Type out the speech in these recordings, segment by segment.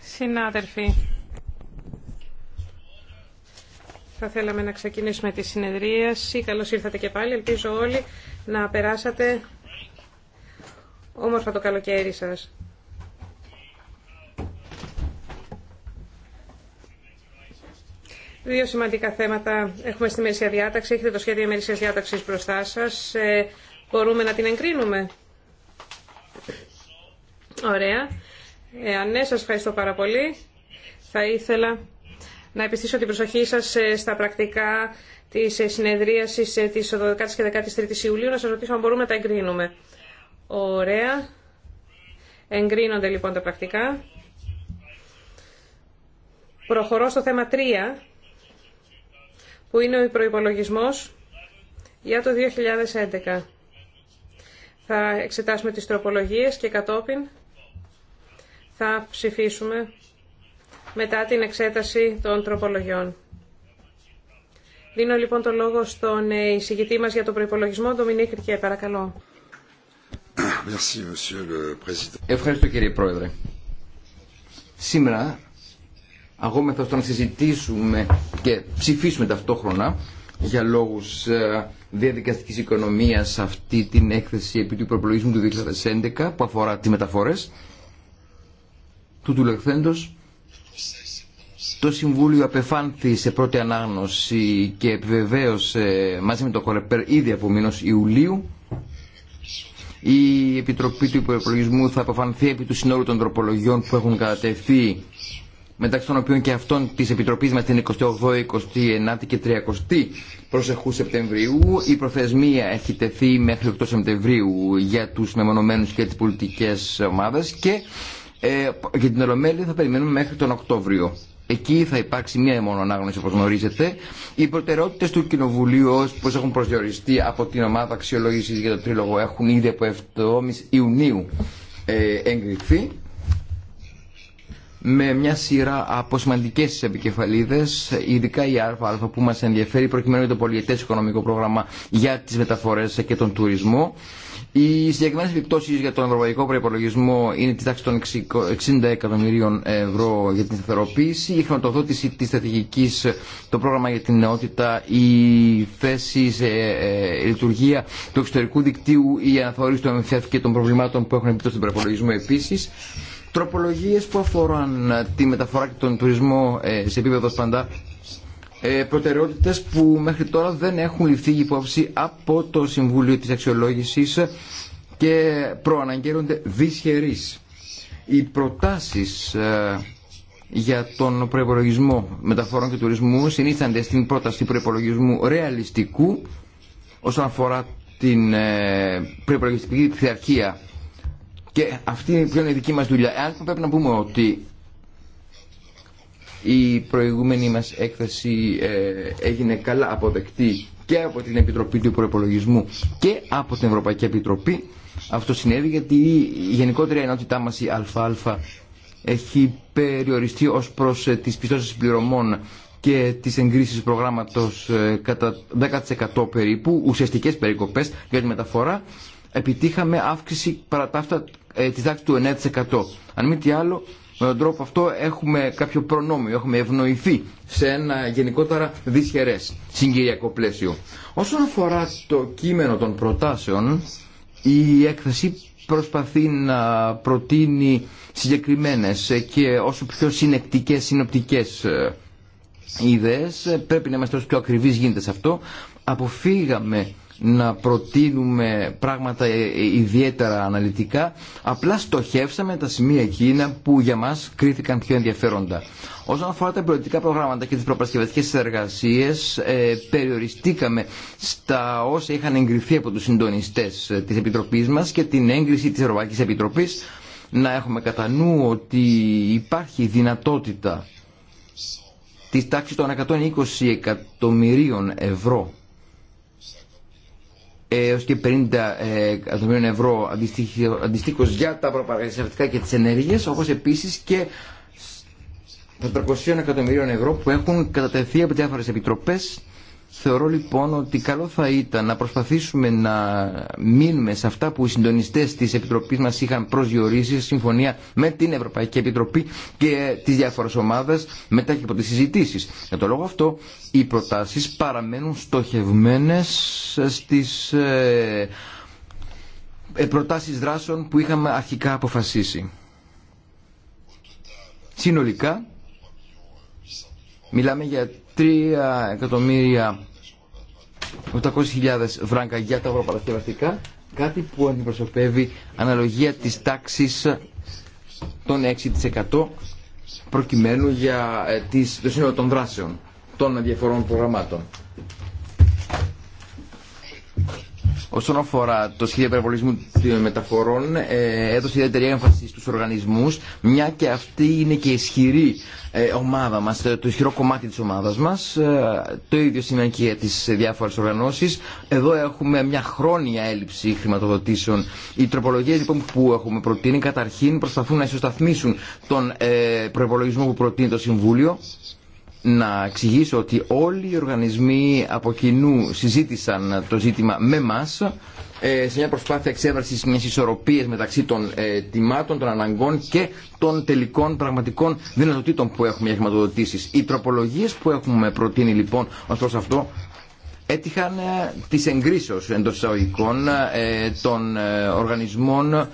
Συνάδελφοι, θα θέλαμε να ξεκινήσουμε τη συνεδρίαση. Καλώς ήρθατε και πάλι. Ελπίζω όλοι να περάσατε όμορφα το καλοκαίρι σας. Δύο σημαντικά θέματα έχουμε στη μερίσια διάταξη. Έχετε το σχέδιο μερίσια διάταξη μπροστά σα. Ε, μπορούμε να την εγκρίνουμε. Ωραία. Ε, ναι, σας ευχαριστώ πάρα πολύ. Θα ήθελα να επιστήσω την προσοχή σας στα πρακτικά της ε, συνεδρίασης ε, της 12ης και 13ης Ιουλίου. Να σας ρωτήσω αν μπορούμε να τα εγκρίνουμε. Ωραία. Εγκρίνονται λοιπόν τα πρακτικά. Προχωρώ στο θέμα 3, που είναι ο προϋπολογισμός για το 2011. Θα εξετάσουμε τις τροπολογίες και κατόπιν θα ψηφίσουμε μετά την εξέταση των τροπολογιών. Δίνω λοιπόν το λόγο στον ε, εισηγητή μας για τον προϋπολογισμό, Ντομινίκ Ρικέ, παρακαλώ. Ευχαριστώ κύριε Πρόεδρε. Σήμερα αγόμεθα στο να συζητήσουμε και ψηφίσουμε ταυτόχρονα για λόγους ε, διαδικαστικής οικονομίας αυτή την έκθεση επί του προϋπολογισμού του 2011 που αφορά τις μεταφορές του τουλεχθέντος το Συμβούλιο απεφάνθη σε πρώτη ανάγνωση και επιβεβαίωσε μαζί με το Κορεπέρ ήδη από μήνος Ιουλίου. Η Επιτροπή του υπολογισμού θα αποφανθεί επί του συνόλου των τροπολογιών που έχουν κατατεθεί μεταξύ των οποίων και αυτών τη επιτροπή μας την 28η, 29η και 30η προσεχού Σεπτεμβρίου. προθεσμία έχει τεθεί μέχρι 8 Σεπτεμβρίου για τους μεμονωμένους και τις πολιτικές ομάδες και ε, για την Ολομέλη θα περιμένουμε μέχρι τον Οκτώβριο. Εκεί θα υπάρξει μία μόνο ανάγνωση, όπω γνωρίζετε. Οι προτεραιότητε του Κοινοβουλίου, όπω έχουν προσδιοριστεί από την ομάδα αξιολόγηση για το Τρίλογο, έχουν ήδη από 7 Ιουνίου ε, εγκριθεί με μια σειρά από σημαντικέ επικεφαλίδε, ειδικά η ΑΑ που μα ενδιαφέρει προκειμένου για το πολιετέ οικονομικό πρόγραμμα για τι μεταφορέ και τον τουρισμό. Οι συγκεκριμένε επιπτώσει για τον ευρωπαϊκό προπολογισμό είναι τη τάξη των 60 εκατομμυρίων ευρώ για την σταθεροποίηση, η χρηματοδότηση τη στρατηγική, το πρόγραμμα για την νεότητα, η θέση σε ε, ε, λειτουργία του εξωτερικού δικτύου, η αναθεώρηση του ΕΜΦΕΦ και των προβλημάτων που έχουν επιπτώσει στον προπολογισμό επίση. Τροπολογίες που αφορούν τη μεταφορά και τον τουρισμό ε, σε επίπεδο σπαντά ε, προτεραιότητες που μέχρι τώρα δεν έχουν ληφθεί υπόψη από το Συμβούλιο της αξιολόγηση και προαναγγέλλονται δυσχερείς. Οι προτάσεις ε, για τον προπολογισμό μεταφορών και τουρισμού συνήθανται στην πρόταση προπολογισμού ρεαλιστικού όσον αφορά την ε, προπολογιστική πειθαρχία. Και αυτή είναι η δική μα δουλειά. Εάν πρέπει να πούμε ότι η προηγούμενη μας έκθεση ε, έγινε καλά αποδεκτή και από την Επιτροπή του Προεπολογισμού και από την Ευρωπαϊκή Επιτροπή. Αυτό συνέβη γιατί η γενικότερη ενότητά μας η ΑΑ έχει περιοριστεί ως προς ε, τις πιστώσεις πληρωμών και τις εγκρίσεις προγράμματος ε, κατά 10% περίπου, ουσιαστικές περικοπές για τη μεταφορά, επιτύχαμε αύξηση παρά τα αυτά της τάξης του 9%. Αν μη τι άλλο, με τον τρόπο αυτό έχουμε κάποιο προνόμιο, έχουμε ευνοηθεί σε ένα γενικότερα δυσχερές συγκυριακό πλαίσιο. Όσον αφορά το κείμενο των προτάσεων, η έκθεση προσπαθεί να προτείνει συγκεκριμένες και όσο πιο συνεκτικές, συνοπτικές ε, ιδέες. Πρέπει να είμαστε όσο πιο ακριβείς γίνεται σε αυτό. Αποφύγαμε να προτείνουμε πράγματα ε, ε, ιδιαίτερα αναλυτικά, απλά στοχεύσαμε τα σημεία εκείνα που για μας κρίθηκαν πιο ενδιαφέροντα. Όσον αφορά τα προεκτικά προγράμματα και τις προπαρασκευαστικές εργασίες, ε, περιοριστήκαμε στα όσα είχαν εγκριθεί από τους συντονιστέ τη Επιτροπής μας και την έγκριση τη Ευρωπαϊκή Επιτροπή να έχουμε κατά νου ότι υπάρχει δυνατότητα της τάξης των 120 εκατομμυρίων ευρώ έως και 50 ε, εκατομμύρια ευρώ αντιστοίχω για τα προπαραγγελματικά και τις ενέργειες όπως επίσης και τα 300 εκατομμυρίων ευρώ που έχουν κατατεθεί από διάφορες επιτροπές Θεωρώ λοιπόν ότι καλό θα ήταν να προσπαθήσουμε να μείνουμε σε αυτά που οι συντονιστέ τη Επιτροπή μα είχαν προσδιορίσει σε συμφωνία με την Ευρωπαϊκή Επιτροπή και τι διάφορε ομάδε μετά και από τι συζητήσει. Για τον λόγο αυτό, οι προτάσει παραμένουν στοχευμένε στι ε, ε, προτάσει δράσεων που είχαμε αρχικά αποφασίσει. Συνολικά, μιλάμε για 3 εκατομμύρια 800.000 για τα αγροπαρασκευαστικά, κάτι που αντιπροσωπεύει αναλογία της τάξης των 6% προκειμένου για ε, τις, το σύνολο των δράσεων των διαφορών προγραμμάτων. Όσον αφορά το σχέδιο υπερβολισμού των μεταφορών, ε, έδωσε ιδιαίτερη έμφαση στου οργανισμού, μια και αυτή είναι και η ισχυρή ε, ομάδα μα, ε, το ισχυρό κομμάτι της ομάδας μας. Το ίδιο σημαίνει και για τι διάφορε οργανώσει. Εδώ έχουμε μια χρόνια έλλειψη χρηματοδοτήσεων. Οι τροπολογίε λοιπόν, που έχουμε προτείνει καταρχήν προσπαθούν να ισοσταθμίσουν τον προπολογισμό που προτείνει το Συμβούλιο να εξηγήσω ότι όλοι οι οργανισμοί από κοινού συζήτησαν το ζήτημα με μας ε, σε μια προσπάθεια εξέβραση μιας ισορροπίας μεταξύ των ε, τιμάτων, των αναγκών και των τελικών πραγματικών δυνατοτήτων που έχουμε για χρηματοδοτήσεις. Οι τροπολογίες που έχουμε προτείνει λοιπόν ως προς αυτό έτυχαν ε, τις εγκρίσεως εντός εισαγωγικών των οργανισμών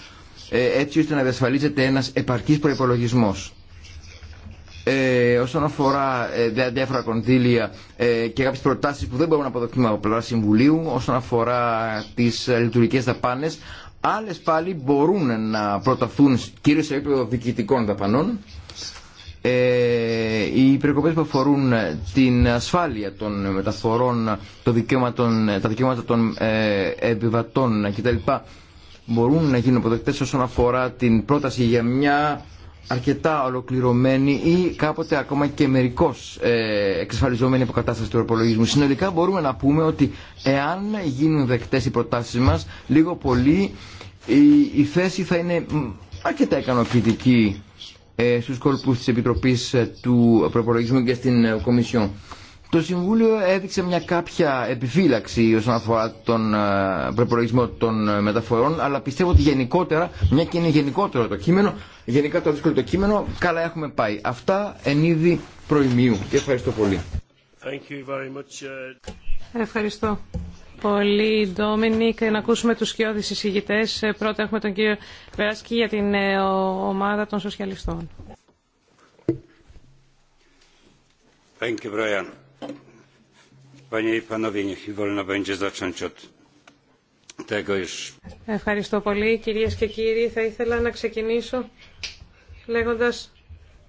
έτσι ώστε να διασφαλίζεται ένας επαρκής προϋπολογισμός ε, όσον αφορά ε, διάφορα κονδύλια ε, και κάποιες προτάσεις που δεν μπορούν να αποδεχτούμε από πλευρά Συμβουλίου όσον αφορά τις ε, λειτουργικές δαπάνες άλλες πάλι μπορούν να προταθούν κυρίως σε επίπεδο διοικητικών δαπανών ε, οι περικοπές που αφορούν την ασφάλεια των μεταφορών το τα δικαιώματα των ε, επιβατών κτλ μπορούν να γίνουν αποδεκτές όσον αφορά την πρόταση για μια αρκετά ολοκληρωμένη ή κάποτε ακόμα και μερικώς ε, εξασφαλιζόμενη κατάσταση του προπολογισμού. Συνολικά μπορούμε να πούμε ότι εάν γίνουν δεκτές οι προτάσεις μας, λίγο πολύ η, η θέση θα είναι αρκετά ικανοποιητική ε, στους κόλπους της Επιτροπής ε, του Προπολογισμού και στην ε, Κομισιόν. Το Συμβούλιο έδειξε μια κάποια επιφύλαξη όσον αφορά τον ε, προπολογισμό των ε, μεταφορών, αλλά πιστεύω ότι γενικότερα, μια και είναι γενικότερο το κείμενο, γενικά το δύσκολο το κείμενο, καλά έχουμε πάει. Αυτά εν είδη προημίου. ευχαριστώ πολύ. Ε. Ευχαριστώ πολύ, και Να ακούσουμε τους σκιώδεις εισηγητές. Πρώτα έχουμε τον κύριο Βεράσκη για την ομάδα των σοσιαλιστών. Thank you, Ευχαριστώ πολύ κυρίες και κύριοι. Θα ήθελα να ξεκινήσω λέγοντας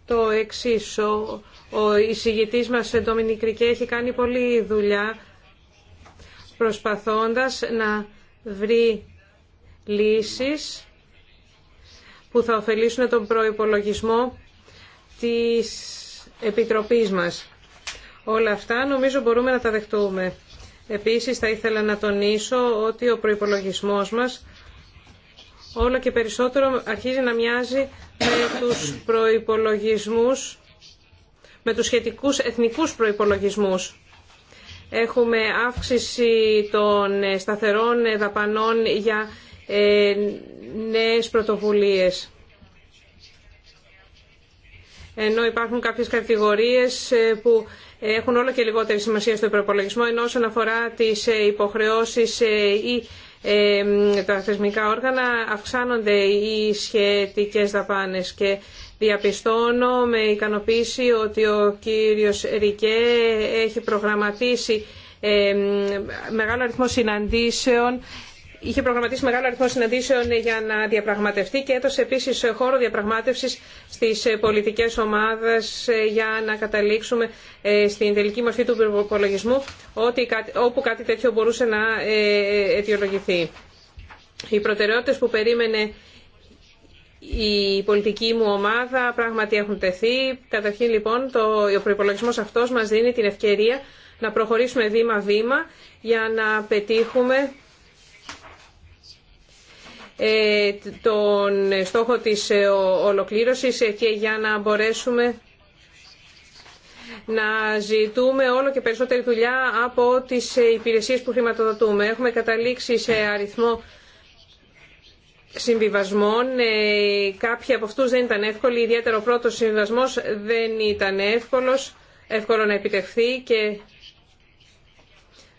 το εξής. Ο, ο εισηγητής μας, Ντομινίκ έχει κάνει πολλή δουλειά προσπαθώντας να βρει λύσεις που θα ωφελήσουν τον προϋπολογισμό της Επιτροπής μας. Όλα αυτά νομίζω μπορούμε να τα δεχτούμε. Επίσης θα ήθελα να τονίσω ότι ο προϋπολογισμός μας όλο και περισσότερο αρχίζει να μοιάζει με τους προϋπολογισμούς, με τους σχετικούς εθνικούς προϋπολογισμούς. Έχουμε αύξηση των σταθερών δαπανών για ε, νέες πρωτοβουλίες. Ενώ υπάρχουν κάποιες κατηγορίες ε, που έχουν όλο και λιγότερη σημασία στο προπολογισμό, ενώ όσον αφορά τις ε, υποχρεώσεις ε, ή ε, τα θεσμικά όργανα αυξάνονται οι σχετικές δαπάνες και διαπιστώνω με ικανοποίηση ότι ο κύριος Ρικέ έχει προγραμματίσει μεγάλο αριθμό συναντήσεων είχε προγραμματίσει μεγάλο αριθμό συναντήσεων για να διαπραγματευτεί και έδωσε επίσης χώρο διαπραγματευση στι πολιτικέ ομάδε για να καταλήξουμε ε, στην τελική μορφή του προπολογισμού όπου κάτι τέτοιο μπορούσε να ε, αιτιολογηθεί. Οι προτεραιότητε που περίμενε η πολιτική μου ομάδα πράγματι έχουν τεθεί. Καταρχήν λοιπόν το, ο προπολογισμό αυτός μας δίνει την ευκαιρία να προχωρήσουμε βήμα-βήμα για να πετύχουμε ε, τον στόχο της ε, ολοκλήρωσης ε, και για να μπορέσουμε να ζητούμε όλο και περισσότερη δουλειά από τις υπηρεσίες που χρηματοδοτούμε. Έχουμε καταλήξει σε αριθμό συμβιβασμών. Κάποιοι από αυτούς δεν ήταν εύκολοι. Ιδιαίτερα ο πρώτος συμβιβασμός δεν ήταν εύκολος, εύκολο να επιτευχθεί και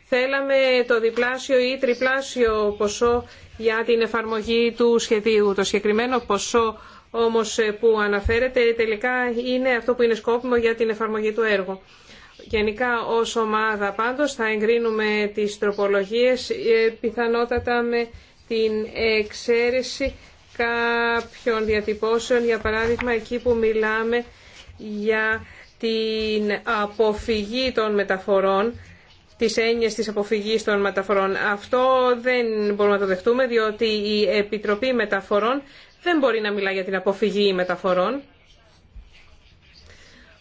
θέλαμε το διπλάσιο ή τριπλάσιο ποσό για την εφαρμογή του σχεδίου. Το συγκεκριμένο ποσό όμως ε, που αναφέρεται τελικά είναι αυτό που είναι σκόπιμο για την εφαρμογή του έργου. Γενικά ως ομάδα πάντως θα εγκρίνουμε τις τροπολογίες ε, πιθανότατα με την εξαίρεση κάποιων διατυπώσεων, για παράδειγμα εκεί που μιλάμε για την αποφυγή των μεταφορών τις έννοιες της αποφυγής των μεταφορών. Αυτό δεν μπορούμε να το δεχτούμε διότι η Επιτροπή Μεταφορών δεν μπορεί να μιλά για την αποφυγή μεταφορών.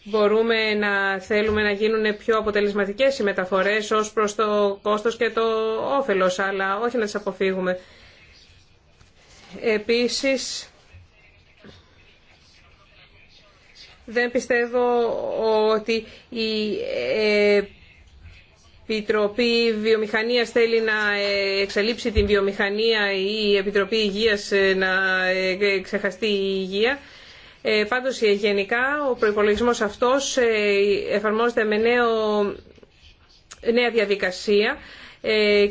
Μπορούμε να θέλουμε να γίνουν πιο αποτελεσματικές οι μεταφορές ως προς το κόστος και το όφελος, αλλά όχι να τις αποφύγουμε. Επίσης, δεν πιστεύω ότι η ε, Επιτροπή Βιομηχανίας θέλει να ε, εξαλείψει την βιομηχανία ή η Επιτροπή Υγείας ε, να ε, ξεχαστεί η υγεία. Ε, πάντως γενικά ο προϋπολογισμός αυτός εφαρμόζεται με νέο, νέα διαδικασία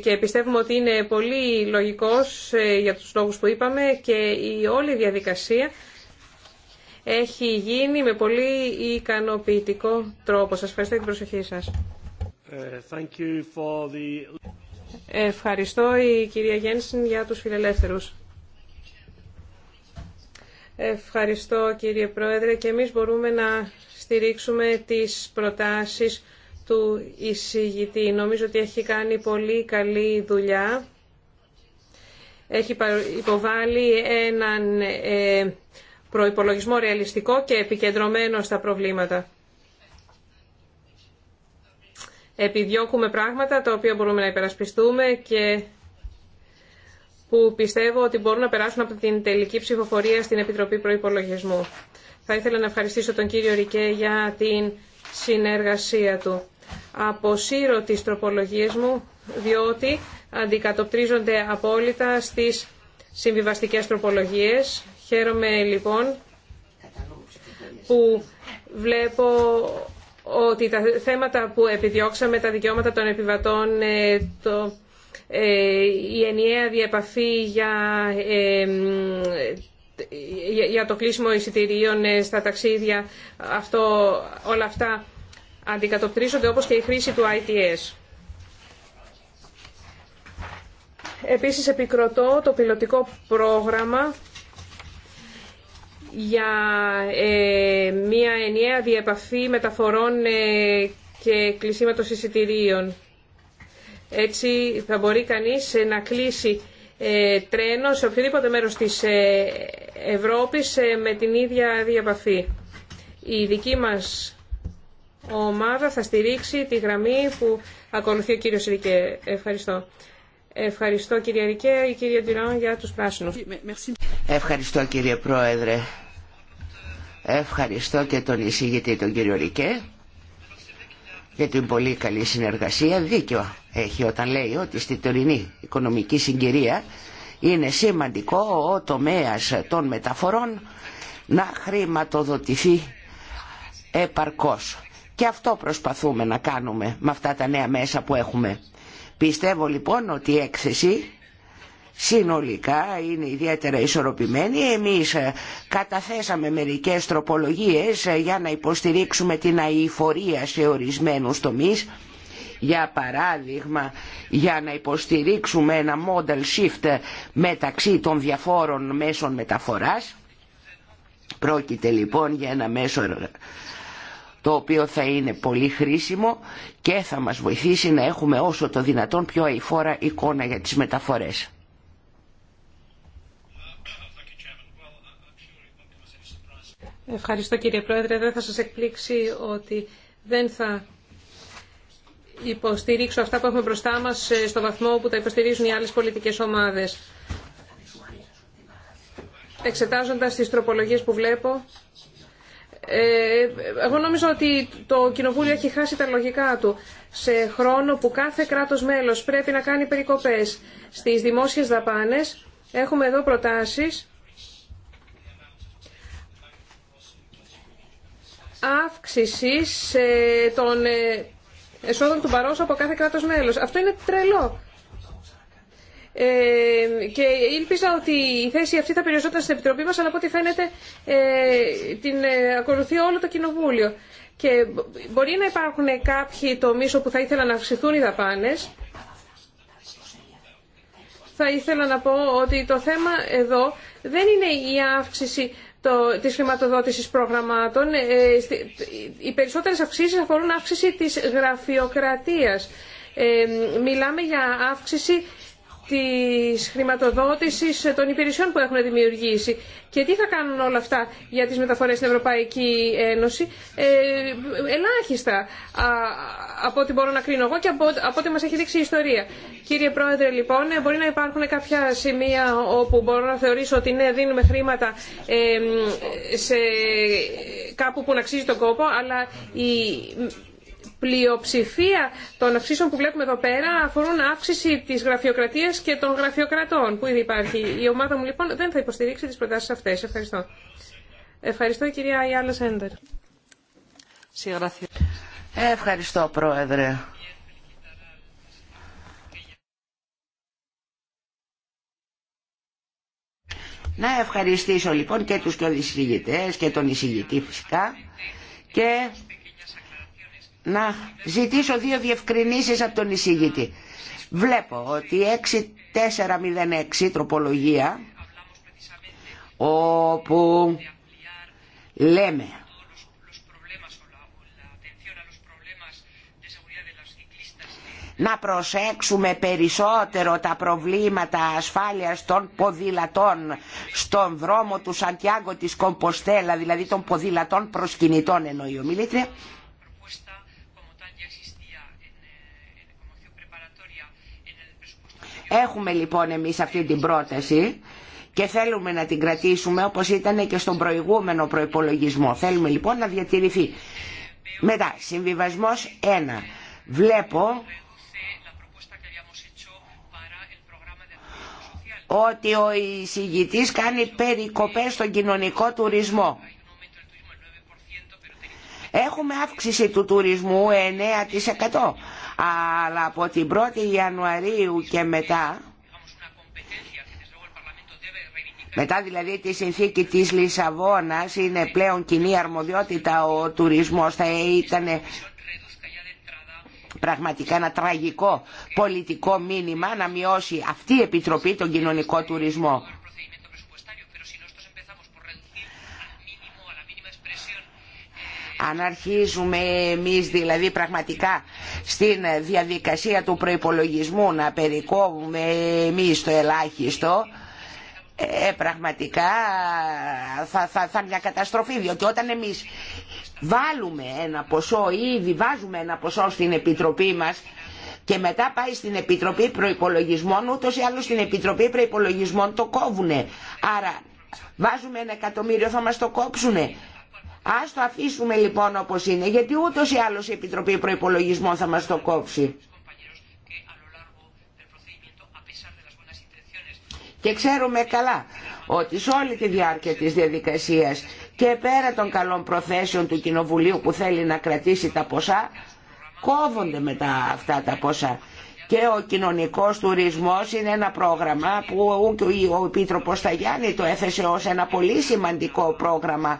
και πιστεύουμε ότι είναι πολύ λογικός για τους λόγους που είπαμε και η όλη διαδικασία έχει γίνει με πολύ ικανοποιητικό τρόπο. Σας ευχαριστώ για την προσοχή σας. Ευχαριστώ η κυρία Γένσιν για τους φιλελεύθερους. Ευχαριστώ κύριε Πρόεδρε και εμείς μπορούμε να στηρίξουμε τις προτάσεις του εισηγητή. Νομίζω ότι έχει κάνει πολύ καλή δουλειά. Έχει υποβάλει έναν ε, προϋπολογισμό ρεαλιστικό και επικεντρωμένο στα προβλήματα επιδιώκουμε πράγματα τα οποία μπορούμε να υπερασπιστούμε και που πιστεύω ότι μπορούν να περάσουν από την τελική ψηφοφορία στην Επιτροπή Προϋπολογισμού. Θα ήθελα να ευχαριστήσω τον κύριο Ρικέ για την συνεργασία του. Αποσύρω τις τροπολογίες μου διότι αντικατοπτρίζονται απόλυτα στις συμβιβαστικές τροπολογίες. Χαίρομαι λοιπόν που βλέπω ότι τα θέματα που επιδιώξαμε, τα δικαιώματα των επιβατών, ε, το, ε, η ενιαία διεπαφή ε, για, για το κλείσιμο εισιτηρίων στα ταξίδια, αυτό, όλα αυτά αντικατοπτρίζονται όπως και η χρήση του ITS. Επίσης επικροτώ το πιλωτικό πρόγραμμα για ε, μια ενιαία διαπαφή μεταφορών ε, και κλεισίματος εισιτηρίων. Έτσι θα μπορεί κανείς ε, να κλείσει τρένο σε οποιοδήποτε μέρος της Ευρώπης με την ίδια διαπαφή. Η δική μας ομάδα θα στηρίξει τη γραμμή που ακολουθεί ο κύριος Ρικέ. Ευχαριστώ. Ευχαριστώ κύριε Ρικέ, η κυρία Ντυράν για τους πράσινους. Ευχαριστώ κύριε Πρόεδρε. Ευχαριστώ και τον εισηγητή τον κύριο Ρικέ για την πολύ καλή συνεργασία. Δίκιο έχει όταν λέει ότι στη τωρινή οικονομική συγκυρία είναι σημαντικό ο τομέας των μεταφορών να χρηματοδοτηθεί επαρκώς. Και αυτό προσπαθούμε να κάνουμε με αυτά τα νέα μέσα που έχουμε. Πιστεύω λοιπόν ότι η έκθεση συνολικά είναι ιδιαίτερα ισορροπημένη. Εμείς ε, καταθέσαμε μερικές τροπολογίες ε, για να υποστηρίξουμε την αηφορία σε ορισμένους τομείς. Για παράδειγμα, για να υποστηρίξουμε ένα model shift μεταξύ των διαφόρων μέσων μεταφοράς. Πρόκειται λοιπόν για ένα μέσο το οποίο θα είναι πολύ χρήσιμο και θα μας βοηθήσει να έχουμε όσο το δυνατόν πιο αηφόρα εικόνα για τις μεταφορές. Ευχαριστώ κύριε Πρόεδρε. Δεν θα σας εκπλήξει ότι δεν θα υποστηρίξω αυτά που έχουμε μπροστά μας ε, στο βαθμό που τα υποστηρίζουν οι άλλες πολιτικές ομάδες. Εξετάζοντας τις τροπολογίες που βλέπω, ε, εγώ νομίζω ότι το Κοινοβούλιο έχει χάσει τα λογικά του. Σε χρόνο που κάθε κράτος μέλος πρέπει να κάνει περικοπές στις δημόσιες δαπάνες, έχουμε εδώ προτάσεις αύξησης ε, των ε, εσόδων του παρόντο από κάθε κράτος μέλος. Αυτό είναι τρελό. Ε, και ήλπιζα ότι η θέση αυτή θα περιοριζόταν στην Επιτροπή μας, αλλά από ό,τι φαίνεται ε, την ε, ακολουθεί όλο το Κοινοβούλιο. Και μπορεί να υπάρχουν κάποιοι τομείς όπου θα ήθελα να αυξηθούν οι δαπάνες. Θα ήθελα να πω ότι το θέμα εδώ δεν είναι η αύξηση το, της χρηματοδότησης προγραμμάτων. Ε, οι περισσότερες αυξήσεις αφορούν αύξηση της γραφειοκρατίας. Ε, μιλάμε για αύξηση της χρηματοδότησης των υπηρεσιών που έχουν δημιουργήσει. Και τι θα κάνουν όλα αυτά για τις μεταφορές στην Ευρωπαϊκή Ένωση. Ε, ελάχιστα από ό,τι μπορώ να κρίνω εγώ και από, από ό,τι μας έχει δείξει η ιστορία. Κύριε Πρόεδρε, λοιπόν, μπορεί να υπάρχουν κάποια σημεία όπου μπορώ να θεωρήσω ότι ναι, δίνουμε χρήματα ε, σε κάπου που να αξίζει τον κόπο, αλλά η πλειοψηφία των αυξήσεων που βλέπουμε εδώ πέρα αφορούν αύξηση της γραφειοκρατίας και των γραφειοκρατών που ήδη υπάρχει. Η ομάδα μου λοιπόν δεν θα υποστηρίξει τις προτάσεις αυτές. Ευχαριστώ. Ευχαριστώ κυρία Ιάλα Σέντερ. Ευχαριστώ πρόεδρε. Να ευχαριστήσω λοιπόν και τους και και τον εισηγητή φυσικά και να ζητήσω δύο διευκρινήσεις από τον εισηγητή. Βλέπω ότι 6406 τροπολογία όπου λέμε να προσέξουμε περισσότερο τα προβλήματα ασφάλειας των ποδηλατών στον δρόμο του Σαντιάγκο της Κομποστέλα, δηλαδή των ποδηλατών προσκυνητών εννοεί ο Μιλήτρια, Έχουμε λοιπόν εμείς αυτή την πρόταση και θέλουμε να την κρατήσουμε όπως ήταν και στον προηγούμενο προϋπολογισμό. Θέλουμε λοιπόν να διατηρηθεί. Μετά, συμβιβασμός 1. Βλέπω ότι ο εισηγητής κάνει περικοπές στον κοινωνικό τουρισμό. Έχουμε αύξηση του τουρισμού 9% αλλά από την 1η Ιανουαρίου και μετά μετά δηλαδή τη συνθήκη της Λισαβόνας είναι πλέον κοινή αρμοδιότητα ο τουρισμός θα ήταν πραγματικά ένα τραγικό πολιτικό μήνυμα να μειώσει αυτή η Επιτροπή τον κοινωνικό τουρισμό. Αν αρχίζουμε εμείς δηλαδή πραγματικά στην διαδικασία του προϋπολογισμού να περικόβουμε εμείς το ελάχιστο, ε, πραγματικά θα, θα, θα μια καταστροφή διότι όταν εμείς βάλουμε ένα ποσό ή ήδη βάζουμε ένα ποσό στην Επιτροπή μας και μετά πάει στην Επιτροπή Προϋπολογισμών ούτως ή άλλως στην Επιτροπή Προϋπολογισμών το κόβουνε άρα βάζουμε ένα εκατομμύριο θα μας το κόψουνε Ας το αφήσουμε λοιπόν όπως είναι, γιατί ούτως ή άλλως η Επιτροπή Προϋπολογισμών θα μας το κόψει. Και ξέρουμε καλά ότι σε όλη τη διάρκεια της διαδικασίας και πέρα των καλών προθέσεων του Κοινοβουλίου που θέλει να κρατήσει τα ποσά, κόβονται μετά αυτά τα ποσά. Και ο κοινωνικός τουρισμός είναι ένα πρόγραμμα που ο Επίτροπος Σταγιάννη το έθεσε ως ένα πολύ σημαντικό πρόγραμμα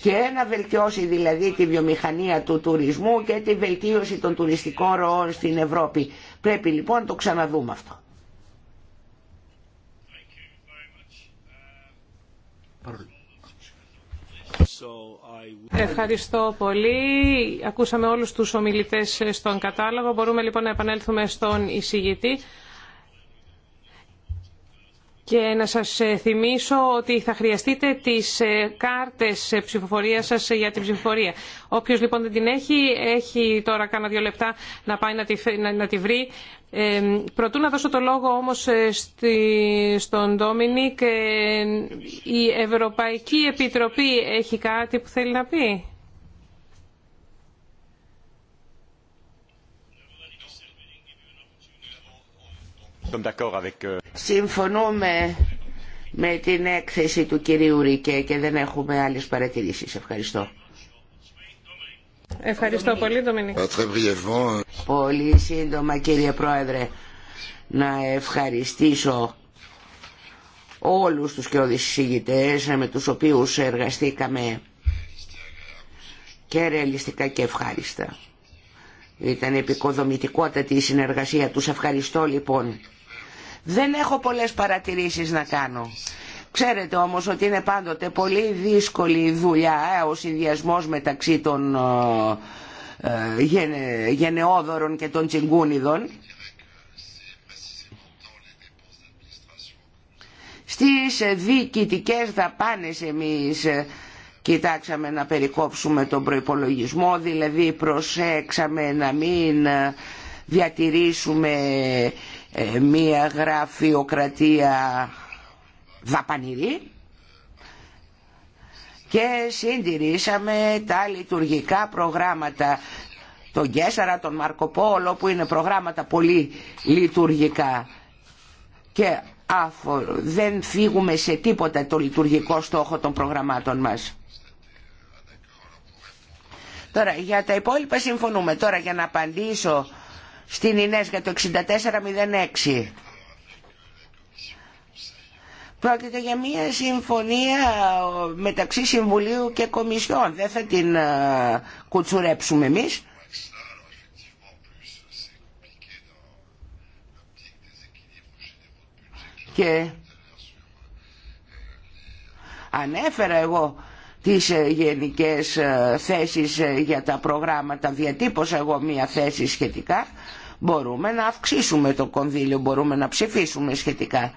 και να βελτιώσει δηλαδή τη βιομηχανία του τουρισμού και τη βελτίωση των τουριστικών ροών στην Ευρώπη. Πρέπει λοιπόν να το ξαναδούμε αυτό. Ευχαριστώ πολύ. Ακούσαμε όλους τους ομιλητές στον κατάλογο. Μπορούμε λοιπόν να επανέλθουμε στον εισηγητή. Και να σας ε, θυμίσω ότι θα χρειαστείτε τις ε, κάρτες ε, ψηφοφορίας σας για την ψηφοφορία. Όποιος λοιπόν δεν την έχει, έχει τώρα κάνα δύο λεπτά να πάει να τη, να, βρει. Ε, προτού να δώσω το λόγο όμως στη, στον Ντόμινικ, και η Ευρωπαϊκή Επιτροπή έχει κάτι που θέλει να πει. Euh, Συμφωνούμε με την έκθεση του κυρίου Ρίκε και δεν έχουμε άλλες παρατηρήσεις. Ευχαριστώ. Ευχαριστώ πολύ, Δομινίκ. Ε. Πολύ σύντομα, κύριε Πρόεδρε, να ευχαριστήσω όλους τους και οδησυγητές με τους οποίους εργαστήκαμε και ρεαλιστικά και ευχάριστα. Ήταν επικοδομητικότατη η συνεργασία τους. Ευχαριστώ λοιπόν. Δεν έχω πολλές παρατηρήσεις να κάνω. Ξέρετε όμως ότι είναι πάντοτε πολύ δύσκολη η δουλειά, ε, ο συνδυασμός μεταξύ των ε, ε, γενεόδωρων και των τσιγκούνιδων. Στις διοικητικές δαπάνες εμείς κοιτάξαμε να περικόψουμε τον προϋπολογισμό, δηλαδή προσέξαμε να μην διατηρήσουμε ε, μία γραφειοκρατία δαπανηρή και συντηρήσαμε τα λειτουργικά προγράμματα τον Κέσσαρα, τον Μαρκοπόλο που είναι προγράμματα πολύ λειτουργικά και αφο, δεν φύγουμε σε τίποτα το λειτουργικό στόχο των προγραμμάτων μας. Τώρα για τα υπόλοιπα συμφωνούμε. Τώρα για να απαντήσω στην Ινέσκα για το 6406. Πρόκειται για μια συμφωνία μεταξύ Συμβουλίου και Κομισιόν. Δεν θα την ε, κουτσουρέψουμε εμείς. Και ανέφερα εγώ τις ε, γενικές ε, θέσεις για τα προγράμματα, διατύπωσα εγώ μια θέση σχετικά μπορούμε να αυξήσουμε το κονδύλιο, μπορούμε να ψηφίσουμε σχετικά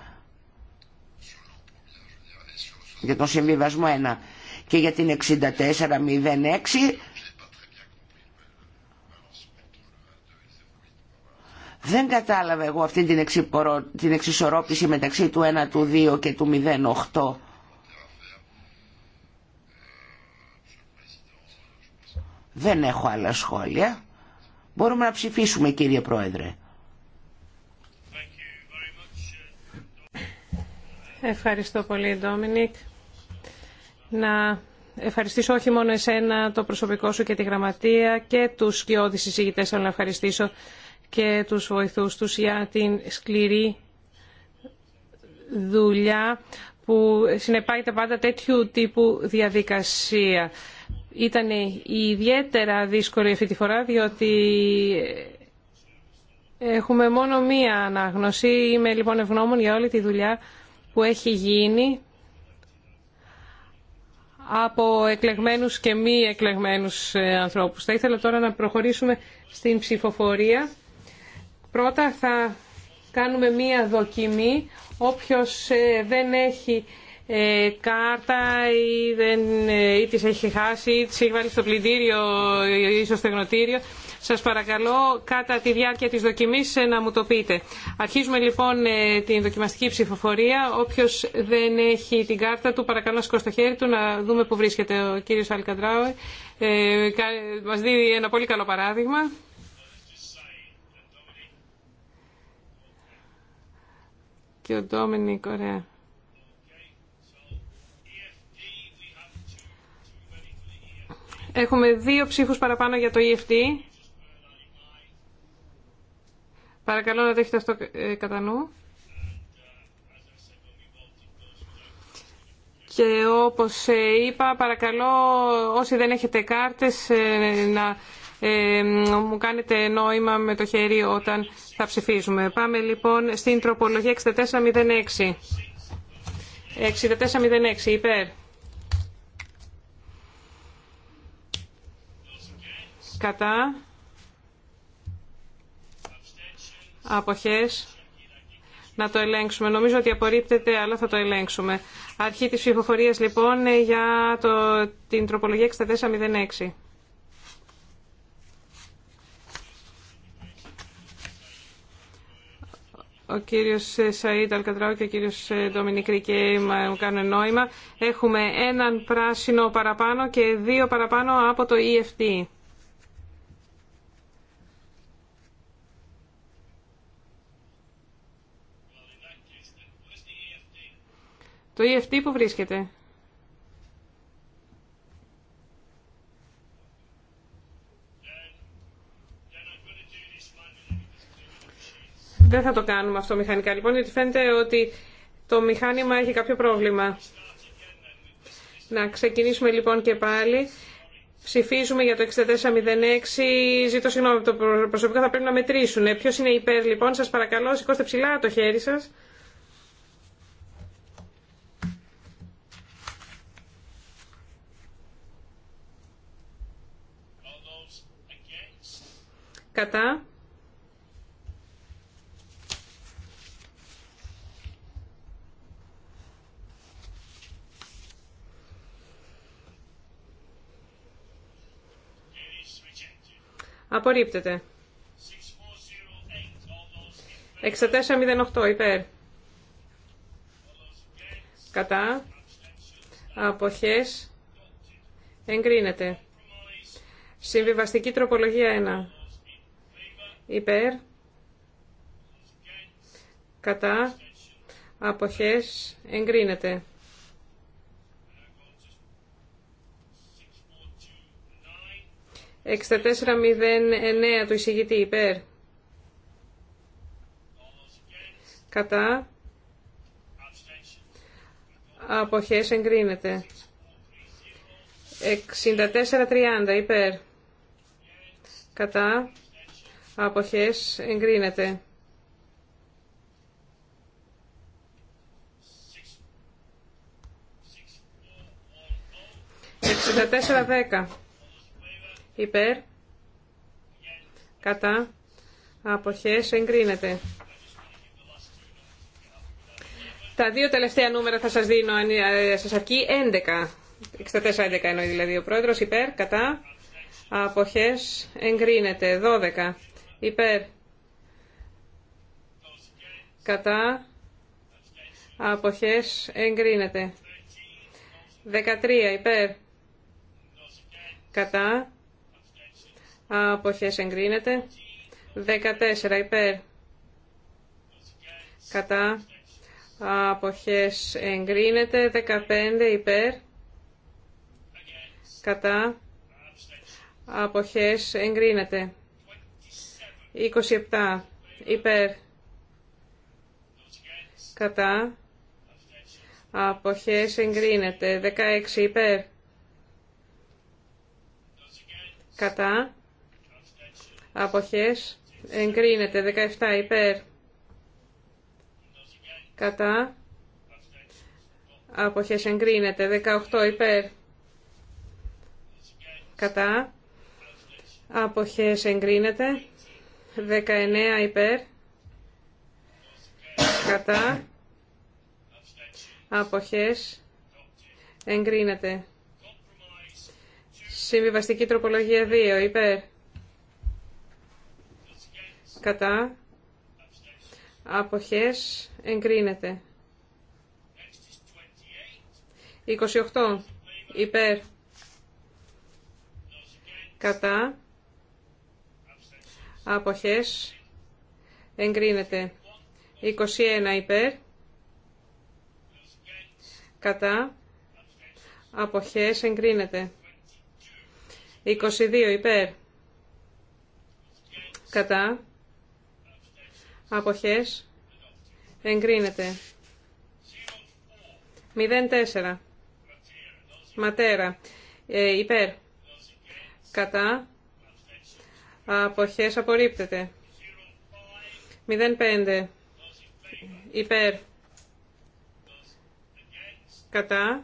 για τον συμβιβασμό 1 και για την 6406 δεν κατάλαβα εγώ αυτή την, εξυπορο... την εξισορρόπηση μεταξύ του 1, του 2 και του 08 δεν έχω άλλα σχόλια Μπορούμε να ψηφίσουμε κύριε Πρόεδρε. Ευχαριστώ πολύ Ντόμινικ. Να ευχαριστήσω όχι μόνο εσένα, το προσωπικό σου και τη γραμματεία και τους σκιώδεις συζητητές αλλά να ευχαριστήσω και τους βοηθούς τους για την σκληρή δουλειά που συνεπάγεται πάντα τέτοιου τύπου διαδικασία. Ήταν ιδιαίτερα δύσκολη αυτή τη φορά διότι έχουμε μόνο μία ανάγνωση. Είμαι λοιπόν ευγνώμων για όλη τη δουλειά που έχει γίνει από εκλεγμένους και μη εκλεγμένους ε, ανθρώπους. Θα ήθελα τώρα να προχωρήσουμε στην ψηφοφορία. Πρώτα θα κάνουμε μία δοκιμή. Όποιος ε, δεν έχει ε, κάρτα ή, δεν, ε, ή έχει χάσει ή τις έχει βάλει στο πλυντήριο ε, ή στο στεγνοτήριο. Σας παρακαλώ κατά τη διάρκεια της δοκιμής να μου το πείτε. Αρχίζουμε λοιπόν την δοκιμαστική ψηφοφορία. Όποιος δεν έχει την κάρτα του παρακαλώ να σηκώσει το χέρι του να δούμε που βρίσκεται ο κύριος Αλκαντράουε. Ε, μας δίνει ένα πολύ καλό παράδειγμα. Και ο Ντόμινικ, Έχουμε δύο ψήφους παραπάνω για το EFT. Παρακαλώ να το έχετε αυτό ε, κατά νου. Και όπως ε, είπα, παρακαλώ όσοι δεν έχετε κάρτες ε, να μου κάνετε νόημα με το χέρι όταν θα ψηφίζουμε. Πάμε λοιπόν στην τροπολογία 6406. 6406 υπέρ. κατά αποχές να το ελέγξουμε. Νομίζω ότι απορρίπτεται, αλλά θα το ελέγξουμε. Αρχή της ψηφοφορίας λοιπόν για το, την τροπολογία 6406. ο κύριος Σαΐτ Αλκατράου και ο κύριος Ντομινίκ μου κάνουν νόημα. Έχουμε έναν πράσινο παραπάνω και δύο παραπάνω από το EFT. Το EFT που βρίσκεται. Δεν θα το κάνουμε αυτό μηχανικά λοιπόν, γιατί φαίνεται ότι το μηχάνημα έχει κάποιο πρόβλημα. Να ξεκινήσουμε λοιπόν και πάλι. Ψηφίζουμε για το 6406. Ζήτω συγγνώμη το προσωπικό, θα πρέπει να μετρήσουν. Ποιο είναι υπέρ λοιπόν, σα παρακαλώ, σηκώστε ψηλά το χέρι σα. κατά. Απορρίπτεται. 6408 υπέρ. Κατά. Αποχές. Εγκρίνεται. Συμβιβαστική τροπολογία 1 υπέρ, κατά, αποχές, εγκρίνεται. 6409 του εισηγητή υπέρ. Κατά. Αποχές εγκρίνεται. 6430 υπέρ. Κατά αποχές εγκρίνεται. 64-10 υπέρ κατά αποχές εγκρίνεται. Τα δύο τελευταία νούμερα θα σας δίνω αν ε, σας αρκεί 11. 64-11 εννοεί δηλαδή ο πρόεδρος υπέρ κατά αποχές εγκρίνεται. 12 υπέρ κατά αποχές εγκρίνεται 13 υπέρ κατά αποχές εγκρίνεται 14 υπέρ κατά αποχές εγκρίνεται 15 υπέρ κατά αποχές εγκρίνεται 27 υπέρ κατά αποχές εγκρίνεται 16 υπέρ κατά αποχές εγκρίνεται 17 υπέρ κατά αποχές εγκρίνεται 18 υπέρ κατά αποχές εγκρίνεται 19 υπέρ. Κατά. Αποχές. Εγκρίνεται. Συμβιβαστική τροπολογία 2 υπέρ. Κατά. Αποχές. Εγκρίνεται. 28 υπέρ. Κατά αποχές εγκρίνεται 21 υπέρ κατά αποχές εγκρίνεται 22 υπέρ κατά αποχές εγκρίνεται 04 ματέρα ε, υπέρ κατά Αποχές απορρίπτεται. 05. Υπέρ. Κατά.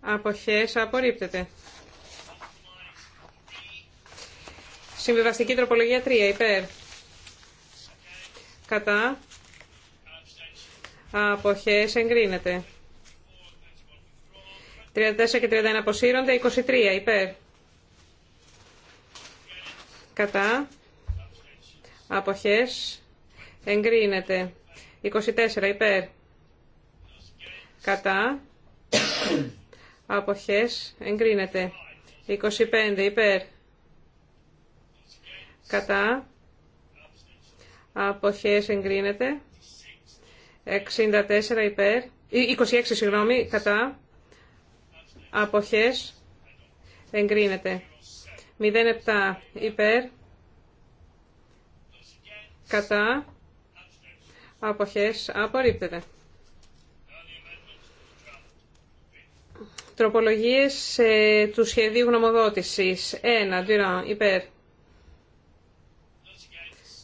Αποχές απορρίπτεται. Συμβιβαστική τροπολογία 3. Υπέρ. Κατά. Αποχές εγκρίνεται. 34 και 31 αποσύρονται. 23. Υπέρ κατά, αποχές, εγκρίνεται. 24 υπέρ, κατά, αποχές, εγκρίνεται. 25 υπέρ, κατά, αποχές, εγκρίνεται. 64 υπέρ, 26 ε, συγγνώμη, κατά, αποχές, εγκρίνεται. 07 υπέρ, κατά, αποχές, απορρίπτεται. Τροπολογίες ε, του σχεδίου γνωμοδότησης. 1. υπέρ.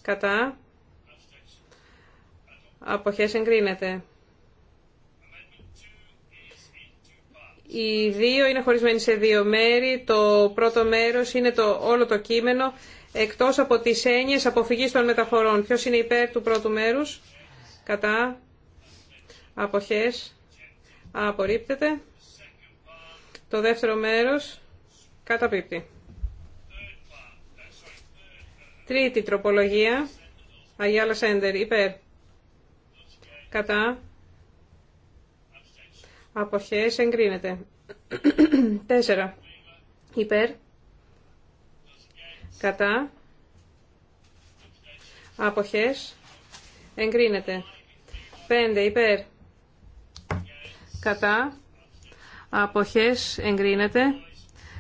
Κατά. Αποχές εγκρίνεται. Οι δύο είναι χωρισμένοι σε δύο μέρη. Το πρώτο μέρος είναι το, όλο το κείμενο εκτός από τις έννοιες αποφυγής των μεταφορών. Ποιος είναι υπέρ του πρώτου μέρους. Κατά. Αποχές. Απορρίπτεται. Το δεύτερο μέρος. Καταπίπτει. Τρίτη τροπολογία. Αγιάλα Σέντερ. Υπέρ. Κατά. Αποχές εγκρίνεται. 4. Υπέρ. Κατά. Αποχές εγκρίνεται. 5. Υπέρ. Κατά. Αποχές εγκρίνεται.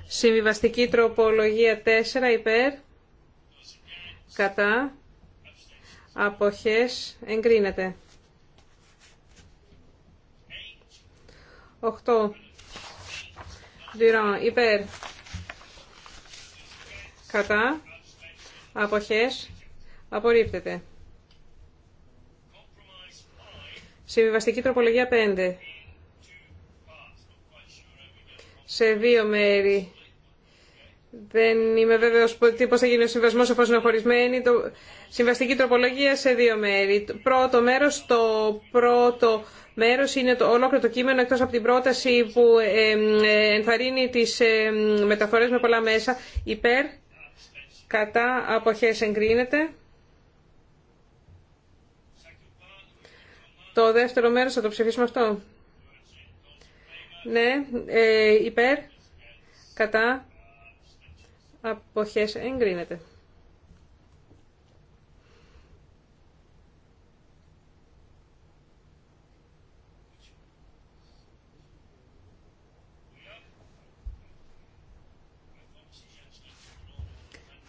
Συμβιβαστική τροπολογία 4. Υπέρ. Κατά. Αποχές εγκρίνεται. 8. διράν υπέρ. Κατά. Αποχές. Απορρίπτεται. Συμβιβαστική τροπολογία 5. Σε δύο μέρη. Δεν είμαι βέβαιος πώς θα γίνει ο συμβασμό εφόσον είναι χωρισμένη. Το... Συμβαστική τροπολογία σε δύο μέρη. Το πρώτο μέρος, το πρώτο μέρος είναι το ολόκληρο το κείμενο εκτός από την πρόταση που ενθαρρύνει τις μεταφορές με πολλά μέσα υπέρ, κατά, αποχές εγκρίνεται. Το δεύτερο μέρος θα το ψηφίσουμε αυτό. Ναι, ε, υπέρ, κατά, αποχές εγκρίνεται.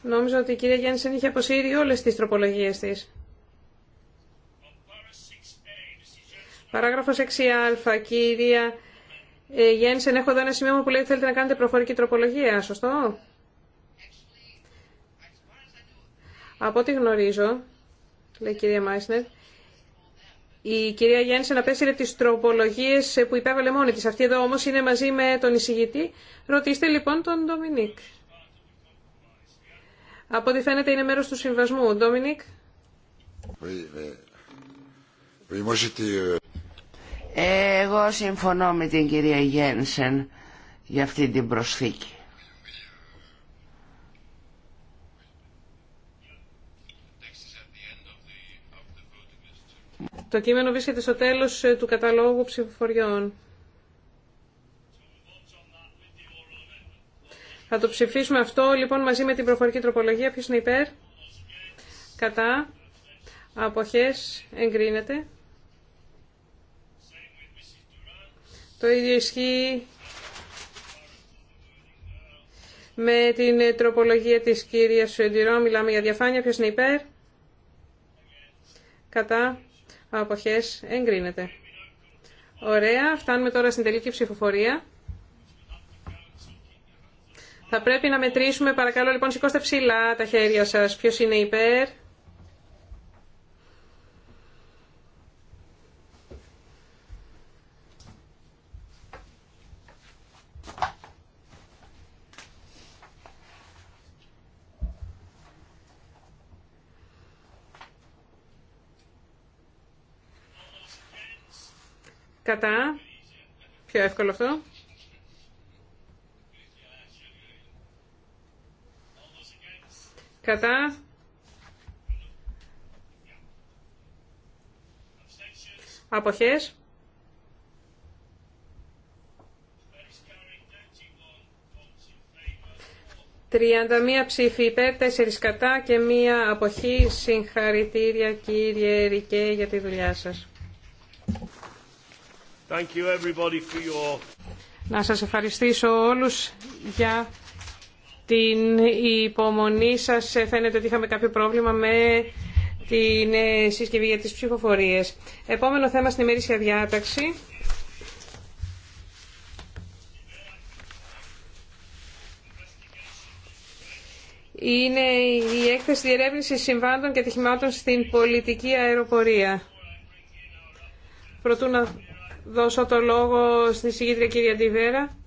Νόμιζα ότι η κυρία Γιάννησεν είχε αποσύρει όλες τις τροπολογίες της. Παράγραφος 6α, κυρία ε, Γιάννησεν, έχω εδώ ένα σημείο που λέει ότι θέλετε να κάνετε προφορική τροπολογία, σωστό? Από ό,τι γνωρίζω, λέει η κυρία Μάισνερ, η κυρία Γιάννησεν απέσυρε τις τροπολογίες που υπέβαλε μόνη τη. Αυτή εδώ όμω είναι μαζί με τον εισηγητή. Ρωτήστε λοιπόν τον Ντομινίκ. Από ό,τι φαίνεται είναι μέρος του συμβασμού. Ντομινίκ. Εγώ συμφωνώ με την κυρία Γένσεν για αυτή την προσθήκη. Το κείμενο βρίσκεται στο τέλος ε, του καταλόγου ψηφοφοριών. Θα το ψηφίσουμε αυτό λοιπόν μαζί με την προφορική τροπολογία. Ποιος είναι υπέρ, κατά, αποχές, εγκρίνεται. Το ίδιο ισχύει με την τροπολογία της κυρίας Σουεντιρό. Μιλάμε για διαφάνεια. Ποιος είναι υπέρ, κατά, αποχές εγκρίνεται. Ωραία, φτάνουμε τώρα στην τελική ψηφοφορία. Θα πρέπει να μετρήσουμε, παρακαλώ λοιπόν σηκώστε ψηλά τα χέρια σας, ποιος είναι υπέρ. Κατά. Πιο εύκολο αυτό. Κατά. Αποχές. Τριάντα μία ψήφοι υπέρ, τέσσερις κατά και μία αποχή. Συγχαρητήρια κύριε Ρικέ για τη δουλειά σας. Να σας ευχαριστήσω όλους για την υπομονή σας. Φαίνεται ότι είχαμε κάποιο πρόβλημα με την ε, συσκευή για τις ψυχοφορίες. Επόμενο θέμα στην ημερήσια διάταξη. Είναι η έκθεση διερεύνησης συμβάντων και ατυχημάτων στην πολιτική αεροπορία. Προτού να δώσω το λόγο στη συγκύτρια κυρία Ντιβέρα.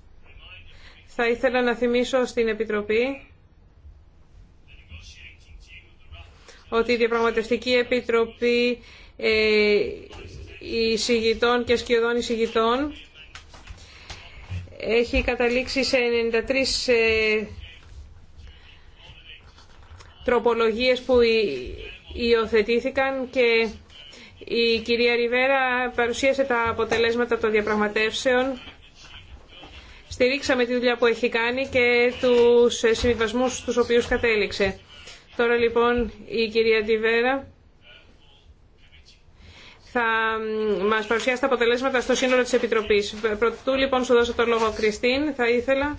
Θα ήθελα να θυμίσω στην Επιτροπή ότι η Διαπραγματευτική Επιτροπή ε, και σκιωδών εισηγητών έχει καταλήξει σε 93 ε, τροπολογίες που υιοθετήθηκαν και η κυρία Ριβέρα παρουσίασε τα αποτελέσματα των διαπραγματεύσεων. Στηρίξαμε τη δουλειά που έχει κάνει και τους συμβιβασμούς στους οποίους κατέληξε. Τώρα λοιπόν η κυρία Ριβέρα θα μας παρουσιάσει τα αποτελέσματα στο σύνολο της Επιτροπής. Πρωτού λοιπόν σου δώσω το λόγο Κριστίν, θα ήθελα.